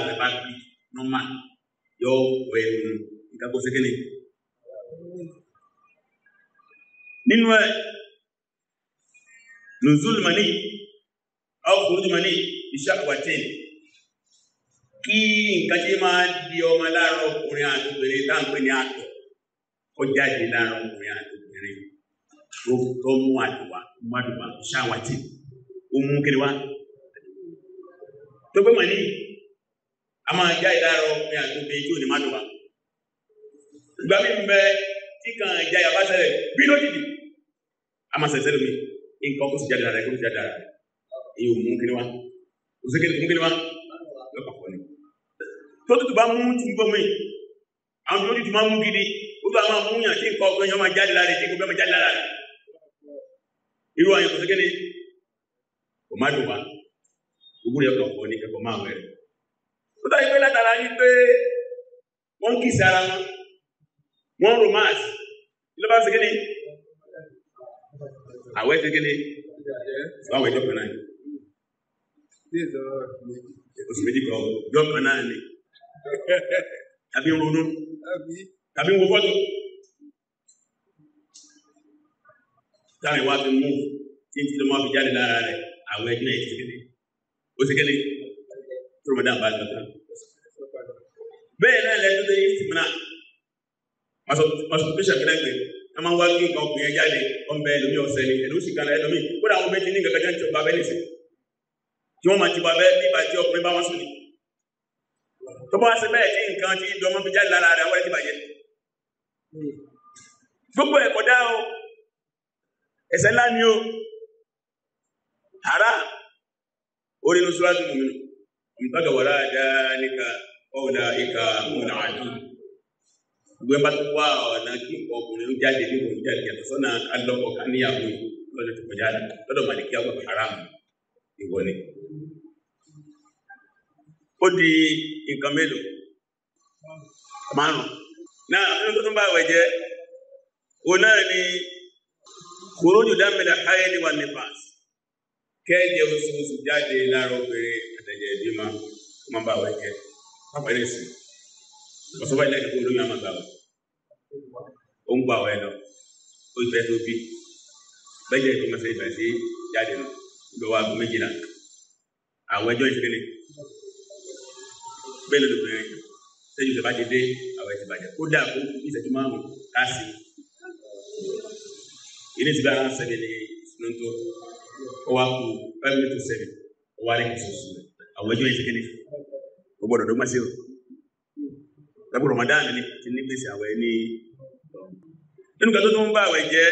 wẹ̀ aw kuru jumani isa waten kí nǹkan tí máa di ọmọ lára ọkùnrin àti obìnrin tá à ń pè ní àtọ̀ kó jáde lára ọkùnrin àti obìnrin tó mú àdùwà mú àdùwà ṣáwàtì ó mú kiri wá tó pé màní a máa jáde lára ọkùnrin àti obìnrin tí ò ní má dùwà ìgbà mi bẹ tí kan jáde àbáṣẹlẹ bí lójijì a máa ṣẹ̀ṣẹ̀ lómi nǹkan kó sì jáde lára ẹ kó sì jáde lára èyí ò mú kí ni wá kò sí kí ni wá lọ́pàpọ̀ ni tó tutù bá mú tún gbọ́ mi àwọn tó tutù máa mú gidi ó bá máa mú yàn kí nǹkan ọgbọ́n yẹn máa jáde lára rẹ̀ kí nǹkan máa jáde lára rẹ̀ irú àyàn kò sí kí ni kò má dùn wá gbogbo yẹn kàn fọ́ ni kẹ́kọ̀ọ́ máa wẹ̀ rẹ̀ ó dàbí pé látara yín pé wọ́n kì í wọn wọ́n romance ló bá ń segin ni àwẹ̀ segin ni báwo ẹjọ́ kan náà yìí oṣù méjì kan ọjọ́ kan náà ni tàbí ronú tàbí wo fọ́tò táwọn ìwà fi mú tí n ti lọ́mọ́ fi jáde lára rẹ̀ àwọn ẹgbẹ́ náà ti kéde ó ti kéde tó rọmọdé àbá gbàgbà bẹ́ẹ̀ náà lẹ́nu tó yẹ ti múná masọ̀tún ṣàkínà a máa ń wá kí nǹkan ọkùnrin jáde ọmọ ẹlòmíì ọ̀sẹ̀ ni ẹlòmíì sì kan ẹlòmíì kódà àwọn méjì ní nǹkan kan jẹ́ ń tẹ̀ ọba bẹ́ẹ̀ tí wọ́n máa ti bá bẹ́ẹ̀ nígbà tí ọkùnrin bá wọ́n sùn ní. tó bá ṣe bẹ́ẹ̀ tí nǹkan tí ìdánmọ́ fi jáde lára rẹ̀ wọ́n ti bàjẹ́. gbogbo ẹ̀ kọ̀dá o ẹ̀ṣẹ̀ ńlá ni o ara orí inú sùúrà tó mú mi nù ìgbàgbọ́ wàrà dáníkà ọ̀la ìka múnà àdú. gbogbo ẹ̀ bá tó wá ọ̀nà kí ọkùnrin jáde ní òun jáde yàtọ̀ sọ́nà alọ́kọ̀ọ́ká níyàwó lọ́dọ̀ tó kọjá lọ́dọ̀ màlìkí àwọn haram ìwọ ó di nǹkan mélòó márùn náà nínú tó tún bá wẹ̀ jẹ́ o náà ni kòrójù dámìlà ayé ni wà nípa kẹ́ẹ̀jẹ̀ oṣooṣù jáde lára obìnrin àtẹ̀jẹ̀ ìbímọ ọmọ bá wẹ̀ jẹ́ pápá ní ìsìn ọ̀sọ́bà ilẹ̀ ìdíkùn olóyún àmà gbà wọ̀ ó ń gbà wọ̀ ẹ̀ lọ ó ìfẹ́ tó bí bẹ́jẹ̀ ìbímọ sí ìfẹ́ sí jáde lọ ìgbẹ́wọ̀ àgọ́ méjìlá àwọn ẹjọ́ ìṣẹ́lẹ̀ bẹ́ẹ̀ lọ́dọ̀ bẹ̀rẹ̀ sẹ́yìn ìjọba ti dé àwọn ẹ̀sìn ìbàjẹ́ kó dà kó ìṣẹ́jú márùn-ún ká sí i ilé ti bá ara sẹ́mi ní ìsinúntó ó wá kú five minutes to seven ó wá rí kùsùsù àwọn ẹjọ́ ìṣẹ́kẹ́ ní ó gbọ́dọ̀ dọ́gbọ́n sí o lọ́pọ̀ Ramadan ni ti ní gbèsè àwẹ̀ ní nínú kan tó tó ń bá àwẹ̀ jẹ́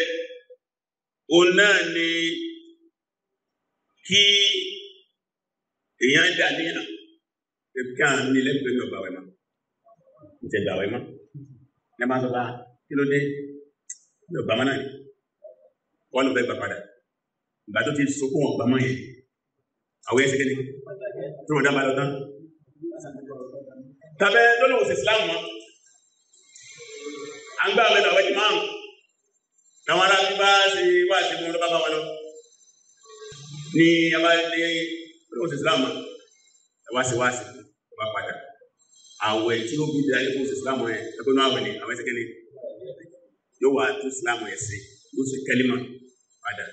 òun náà ni kí èèyàn dà níyàn Kan ni lè pè lọ́gbà wẹ̀ mọ́. Ǹjẹ́ gbà wẹ̀ mọ́? Ní a máa sọ bá kí ló dé? Ní ọgbà mọ́ náà ni. Wọ́n ló fẹ́ gbà padà. Ìgbà tó ti sokún ọgbà mọ́ yẹn. Àwọn ẹsẹ̀ kẹ́ni. Tí wọ́n dábàá lọ tán. Tàbẹ́ lọ́lọ́wọ́ sí Ìsìlámù mọ́. À gbà wẹ̀ lọ́wọ́ ti máa ará bí bá ṣe wá sí fún ọlọ́ba bá wọn lọ. Ní abáyé ní olóòsì Ìsìlámù mọ́. Ẹ wá sí wá sí wá padà àwẹ̀ tí ó bí ìdájọ́ fún ìsìlámù ẹ̀ ẹgbẹ́ náà àwẹ̀ ni àwẹ̀ ṣe kẹ́lẹ́ yóò wá tún ìsìlámù ẹ̀ sí yóò ṣe kẹ́límà padà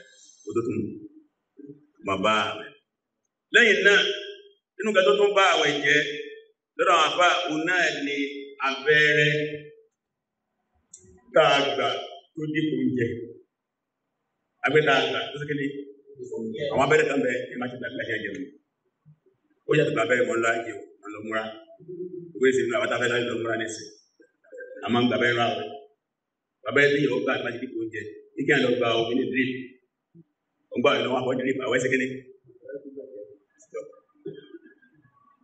kó tó tún bàbá àwẹ̀ lẹ́yìn náà nínú kẹtọ́ tó ń bá àwẹ̀ jẹ́ lọ́dọ̀ àwọn àbá òun ni abẹ́rẹ́ tá a gbà tó dínkù oúnjẹ abẹ́rẹ́ tá a gbà tó ṣe kẹ́lẹ́ àwọn abẹ́rẹ́ kan bẹ́ẹ̀ ẹ̀ má ti gbà láti ẹ̀jẹ̀ mi o yàtọ̀ bàbá ẹ̀ mọ́ ńlá o ó lọ múra owó èsì nínú àwọn tábẹ́lá lọ múra ní ìsìn àmọ́ ń gbàbẹ́ ra rẹ̀ bàbá ẹ̀ lẹ́yìn ọgbà àgbà jíkì oúnjẹ jíkì àná gba omi ní drip o ìlú wọn àbọ̀jú drip àwọn ẹsẹ̀ kéde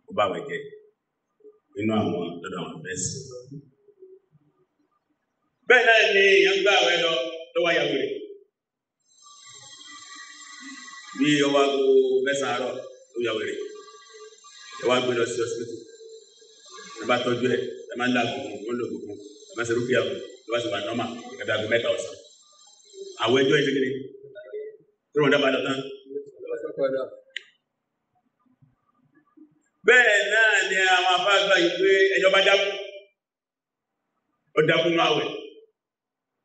ó bá wẹ̀ jẹ nínú àwọn lọ́dọ̀ àwọn bẹ́ẹ̀sì bẹ́ẹ̀ náà ni èèyàn gbà wẹ̀ lọ lọ́wọ́ àyàwó rẹ̀ bí ọwọ́ aago mẹ́sàn-án àárọ̀ ló yàwó rẹ̀ ẹ wá gbé lọ sí ọsibítù ẹ bá tọ́jú ẹ ẹ máa ń lo àgùnkùn ó ń lo àgùnkùn ẹ máa ń serúkú yàgùn ẹ bá sì wà nọ́mà ẹ bí aago mẹ́ta ọ̀sán àwọn ẹjọ́ yìí ṣégede tó rọ̀ dábàá lọ́tàn. bẹ́ẹ̀ náà ni àwọn afáàgbà yìí pé ẹjọ́ bá dákú ó dákú nù àwẹ̀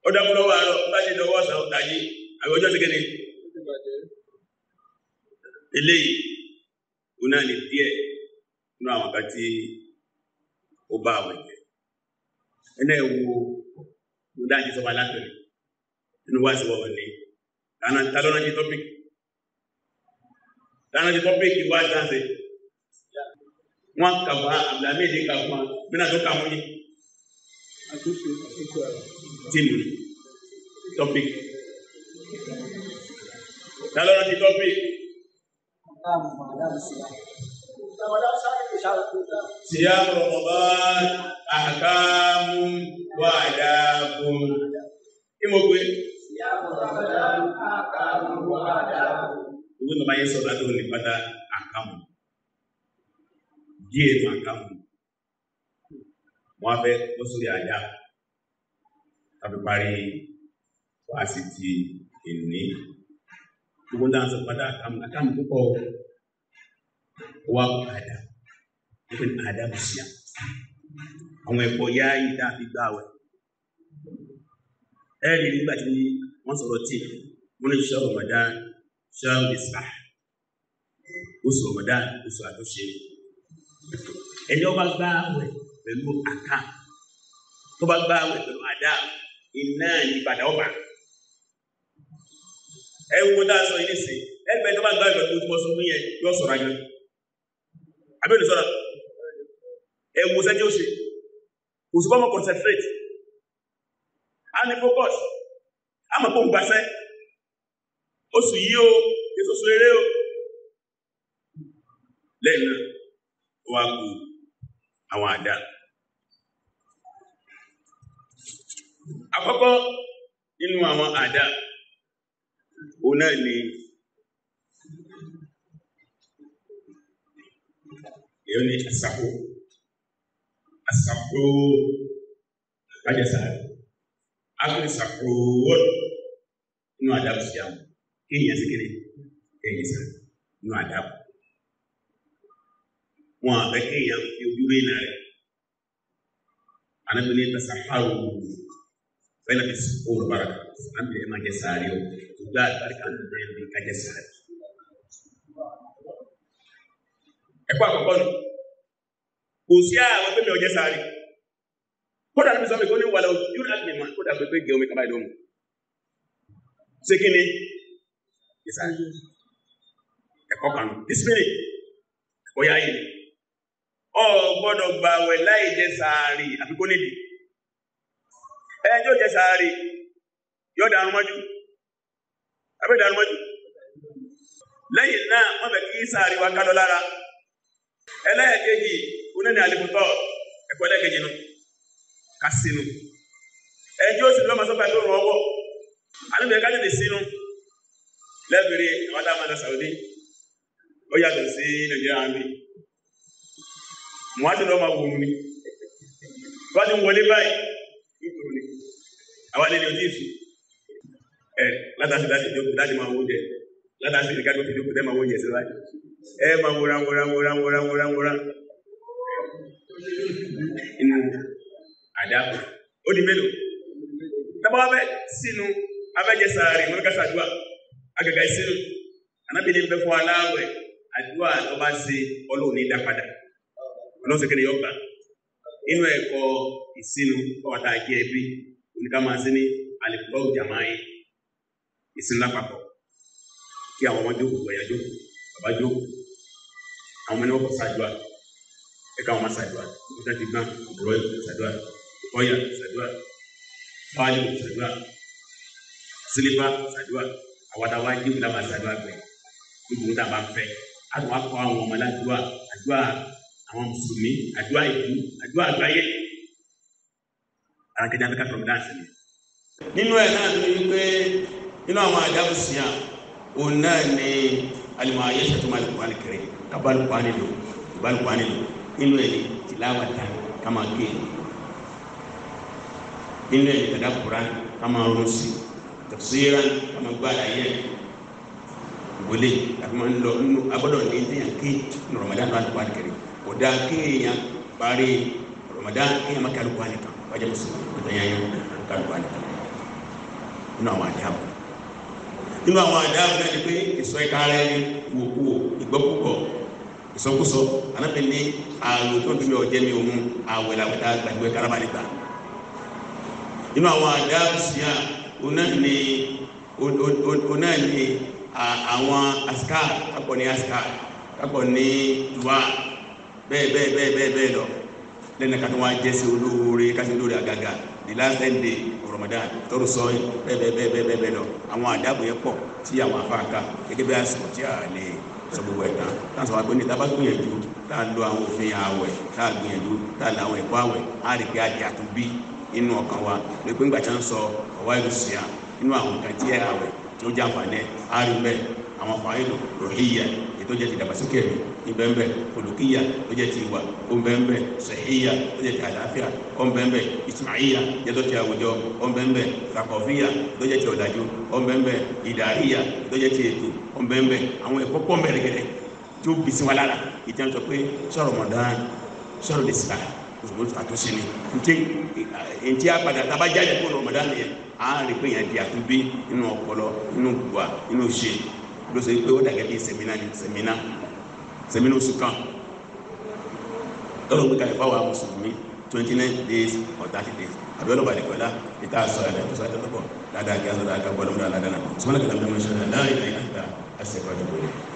ó dákú lọ́wọ́ àárọ̀ bá ti dọwọ́ ọ̀sán ọ̀tà yìí àwọn ẹjọ́ ṣégede eléyìí ó náà ní díẹ̀ nínú àwọn kan tí ó bá àwẹ̀ jẹ́ ẹnẹ́ wo mo dájú sọ́ba látọ̀rẹ́ nínú wáṣí wọ̀wọ̀ ni lánà ta ló rántí tọ́pìkì lánà ti tọ́pìkì wá dáńsẹ̀ wọn kà wá àbúlámẹ́ẹ̀dẹ́ kà wá bínú àtọ́ kà wọ́n ní tìmù tọ́pìkì ta ló rántí tọ́pìkì. صيام رمضان أحكام وآداب ìmọ̀gbé. Ìwé bàbá yẹn sọ̀rọ̀ adóhùn nípadà àkàmù. Díẹ̀ nù àkàmù. Wọ́n abẹ́ wọ́n sórí àyà. Tàbí parí wàásì ti ìní. Gbogbo dáhùn sọ̀rọ̀ padà àkàmù. Àkàmù púpọ̀ wàá àdá ìpè àdá bù sí à àwọn ẹ̀kọ́ yá yìí dá fi gbá wẹ̀ ẹ̀ rí nígbà tí wọ́n sọ̀rọ̀ tí wọ́n ní sọ́ọ̀ Ramadan sọ́ọ̀ ìsà oṣù Ramadan oṣù àtúnṣe ẹni ọba gbá wẹ̀ pẹ̀lú àká tó bá gbá wẹ̀ pẹ̀lú àdá iná ìbàdàn ọba ẹ̀ ń wọ́n sọ yìí nísìnyí ẹ̀ bẹ́ẹ̀ tó bá gbá wẹ̀ pẹ̀lú ojúmọ́sọ yẹn yóò sọ̀rọ̀ ayọ̀ abẹ́lú sọ́ra ẹ̀wò sẹ́jọ́ òṣè kò sí kọ́mọ concentrate a ní focus a mọ̀ pé òun gbàṣẹ́ oṣù yìí o èso oṣù eré o lẹ́yìn náà ó wá kú àwọn àdá àkọ́kọ́ nínú àwọn àdá òun náà ni Hiyo ni asafu. Asafu haja sana. Akili safu inu adabu siamu. Kenya sikini. Kenya sana. Inu adabu. Mwa ba Kenya yujuri na anabini tasaharu fela bisukuru baraka. Anabini ema jesari yo. Tudad barika anabini kajesari. ẹ̀kọ́ àkọ́kọ́ nù kò sí àwọn pé mi ò jẹ́ sáré kódà níbi sọ́mi kó ní wàlẹ̀ ojú láti mi máa kódà pé gẹ̀ omi kaba ìdóhùn ṣé kí ni ìsáré ẹ̀kọ́ kan dísípìlì ẹ̀kọ́ yá yìí ọ gbọ́dọ̀ gbà wẹ̀ láì jẹ́ sáré àfikún nídìí ẹjọ́ jẹ́ sáré yóò dànù mọ́jú àbí dànù mọ́jú lẹ́yìn náà wọ́n bẹ̀ kí sáré wa kálọ́ lára ẹlẹ́ẹ̀kejì oníní àlìkùtọ́ ẹ̀kọ́ ẹlẹ́ẹ̀kejì nù kásínú ẹjọ́ òsì lọ́mọ sọ́kà ló rọ ọwọ́ àlùbẹ̀ ká tètè sínú lẹ́bìrì àwọn tá a Saudi ó yàtọ̀ sí Nàìjíríà mi wọ́n á ti lọ́ máa wò ó ní wọ́n ti wọlé báyìí yóò ní àwọn àlejò ojú ìsù ẹ̀ látàsí láti jókòó láti máa wó jẹ látàsí ìdíkàdé òfin jókòó tẹ́ máa wó jẹ sí báyìí. ema eh, nwụra nwụra nwụra nwụra nwụra nwụra inú àdáàbò ó di mélòó tábà bẹ sínú abẹjẹ sàárì wọn kásá àdúrà agàgà sínú anábìlẹ bẹ fọ aláwẹ àdúrà lọba ṣe Ọlọ́run ní dápadà Ọlọ́run Isinu yọ gbà inú ẹ̀kọ́ ìsínú ọwọta ya bàbá jó àwọn ọmọ náà kọ ṣàdúrà ẹka wọn ṣàdúrà ọjà ti gbà ọgbọrọ ṣàdúrà ọyà ṣàdúrà fáyọ ṣàdúrà sílífà ṣàdúrà àwàdàwà jíwìí làwọn ṣàdúrà gbẹ gbogbo ń dàbà fẹ àwọn akọ àwọn ọmọ ládùúgbà àdúrà àwọn adua àdúrà ìlú àdúrà àgbáyé alákẹjá bí kàtọ́ ọ̀dà àṣẹ nínú ẹ̀ náà ló ní pé nínú àwọn àdábùsíà òun náà ni alima ayé sẹtuma alukuhani kẹrẹ kaba alukuhani do kaba alukuhani do nínú yẹ e ni tilawa ta kama ké nínú yẹ e ni kada kura kama rosi tafsira kama gba ayé wele kama lọ nínú abọdọ ní ti yàn ké ramadan alukuhani kẹrẹ o da ké yàn baari ramadan yàn ma kẹ alukuhani kan wàjà musulmi o ta yàn yàn alukuhani kan nínú àwọn àdìyàwó nínú àwọn àdáàbò náà ni pé ìsọ ìka rẹ ni ìwòkuwò ìgbọ́kúgbọ̀ ìsọkúsọ anábì ní ààrùn tó ń dúró ọ̀jẹ́ mi òun àwẹ̀ làwọn tá a gbàgbé karama lè gbà nínú àwọn àdáàbò sí à oná ni oná ni àwọn asika kápọ̀ ní asika kápọ̀ ní dùwà bẹ́ẹ̀ bẹ́ẹ̀ bẹ́ẹ̀ bẹ́ẹ̀ lọ lẹ́nu kàtó wọn jẹ́ sí olóore kásìlóore àgàgà the last ten day. Ramadan tọrọ sọyìn bẹ́ẹ̀bẹ́ẹ̀bẹ́ẹ̀bẹ́ẹ̀ lọ àwọn àdàbò yẹn pọ̀ tí àwọn afáàkà gẹ́gẹ́ bí àsìkò tí a lè sọ gbogbo ẹ̀ tán tá a sọ wá pé ní tá a bá gbìyànjú tá a lo àwọn òfin àwẹ̀ tá a gbìyànjú tá a lo àwọn ẹ̀kọ́ àwẹ̀ á rí pé àjẹ́ àtúbí inú ọkàn wa lè pé ńgbà tí wọ́n sọ ọ̀wá ìlú síyà inú àwọn nǹkan tí ẹ̀ àwẹ̀ tí ó jẹ́ àǹfààní ẹ̀ á rí àwọn fàáyé lò lò híyẹ̀ tó jẹ́ ti dàgbàsókè ẹ̀mí ìbẹ́ńbẹ́ olùkíyà tó jẹ́ ti ìwà ọ̀nbẹ́ńbẹ́ sẹ̀híyà tó jẹ́ ti àlàáfíà ọ̀nbẹ́ńbẹ́ ìsìmáyà jẹ́tọ́ ti àwùjọ ọ̀nbẹ́ńbẹ́ sàkọ̀fíyà tó jẹ́ ti ọ̀làjú ọ̀nbẹ́ńbẹ́ ìdàríyà tó jẹ́ ti ètò ọ̀nbẹ́ńbẹ́ àwọn ẹ̀kọ́ pọ̀ mẹ́rẹ̀gẹ̀rẹ̀ tó bisi wa lára ìtàn sọ pé sọ̀rọ̀ mọ̀dán sira òṣùwọ̀n àtúnṣe ni ntí ntí apàdà tabajáde kó lọ mọ̀dán yẹn à ń rí pé di àtúnbí nínú ọpọlọ nínú gbùwà nínú ṣe ló ṣe pé ó dàgẹ́ bí sẹ́mínà ni sẹ́mínà sẹ́mínà oṣù kan lọ́wọ́ gbẹ́ka ìfọ̀ àwọn mùsùlùmí twenty nine days or thirty days àbí ọlọ́ba àdìgbọ́lá ìta sọ àdá ìtọ́sọ àdá lọ́pọ̀ dáadáa kí á sọ dáadáa bọ́ọ̀lù múra ládàá náà sọ́mọ́nà kìlá mẹ́rin ṣẹlẹ̀ láàrin àyíká àṣẹ ìfọ̀jọ̀gbọ̀n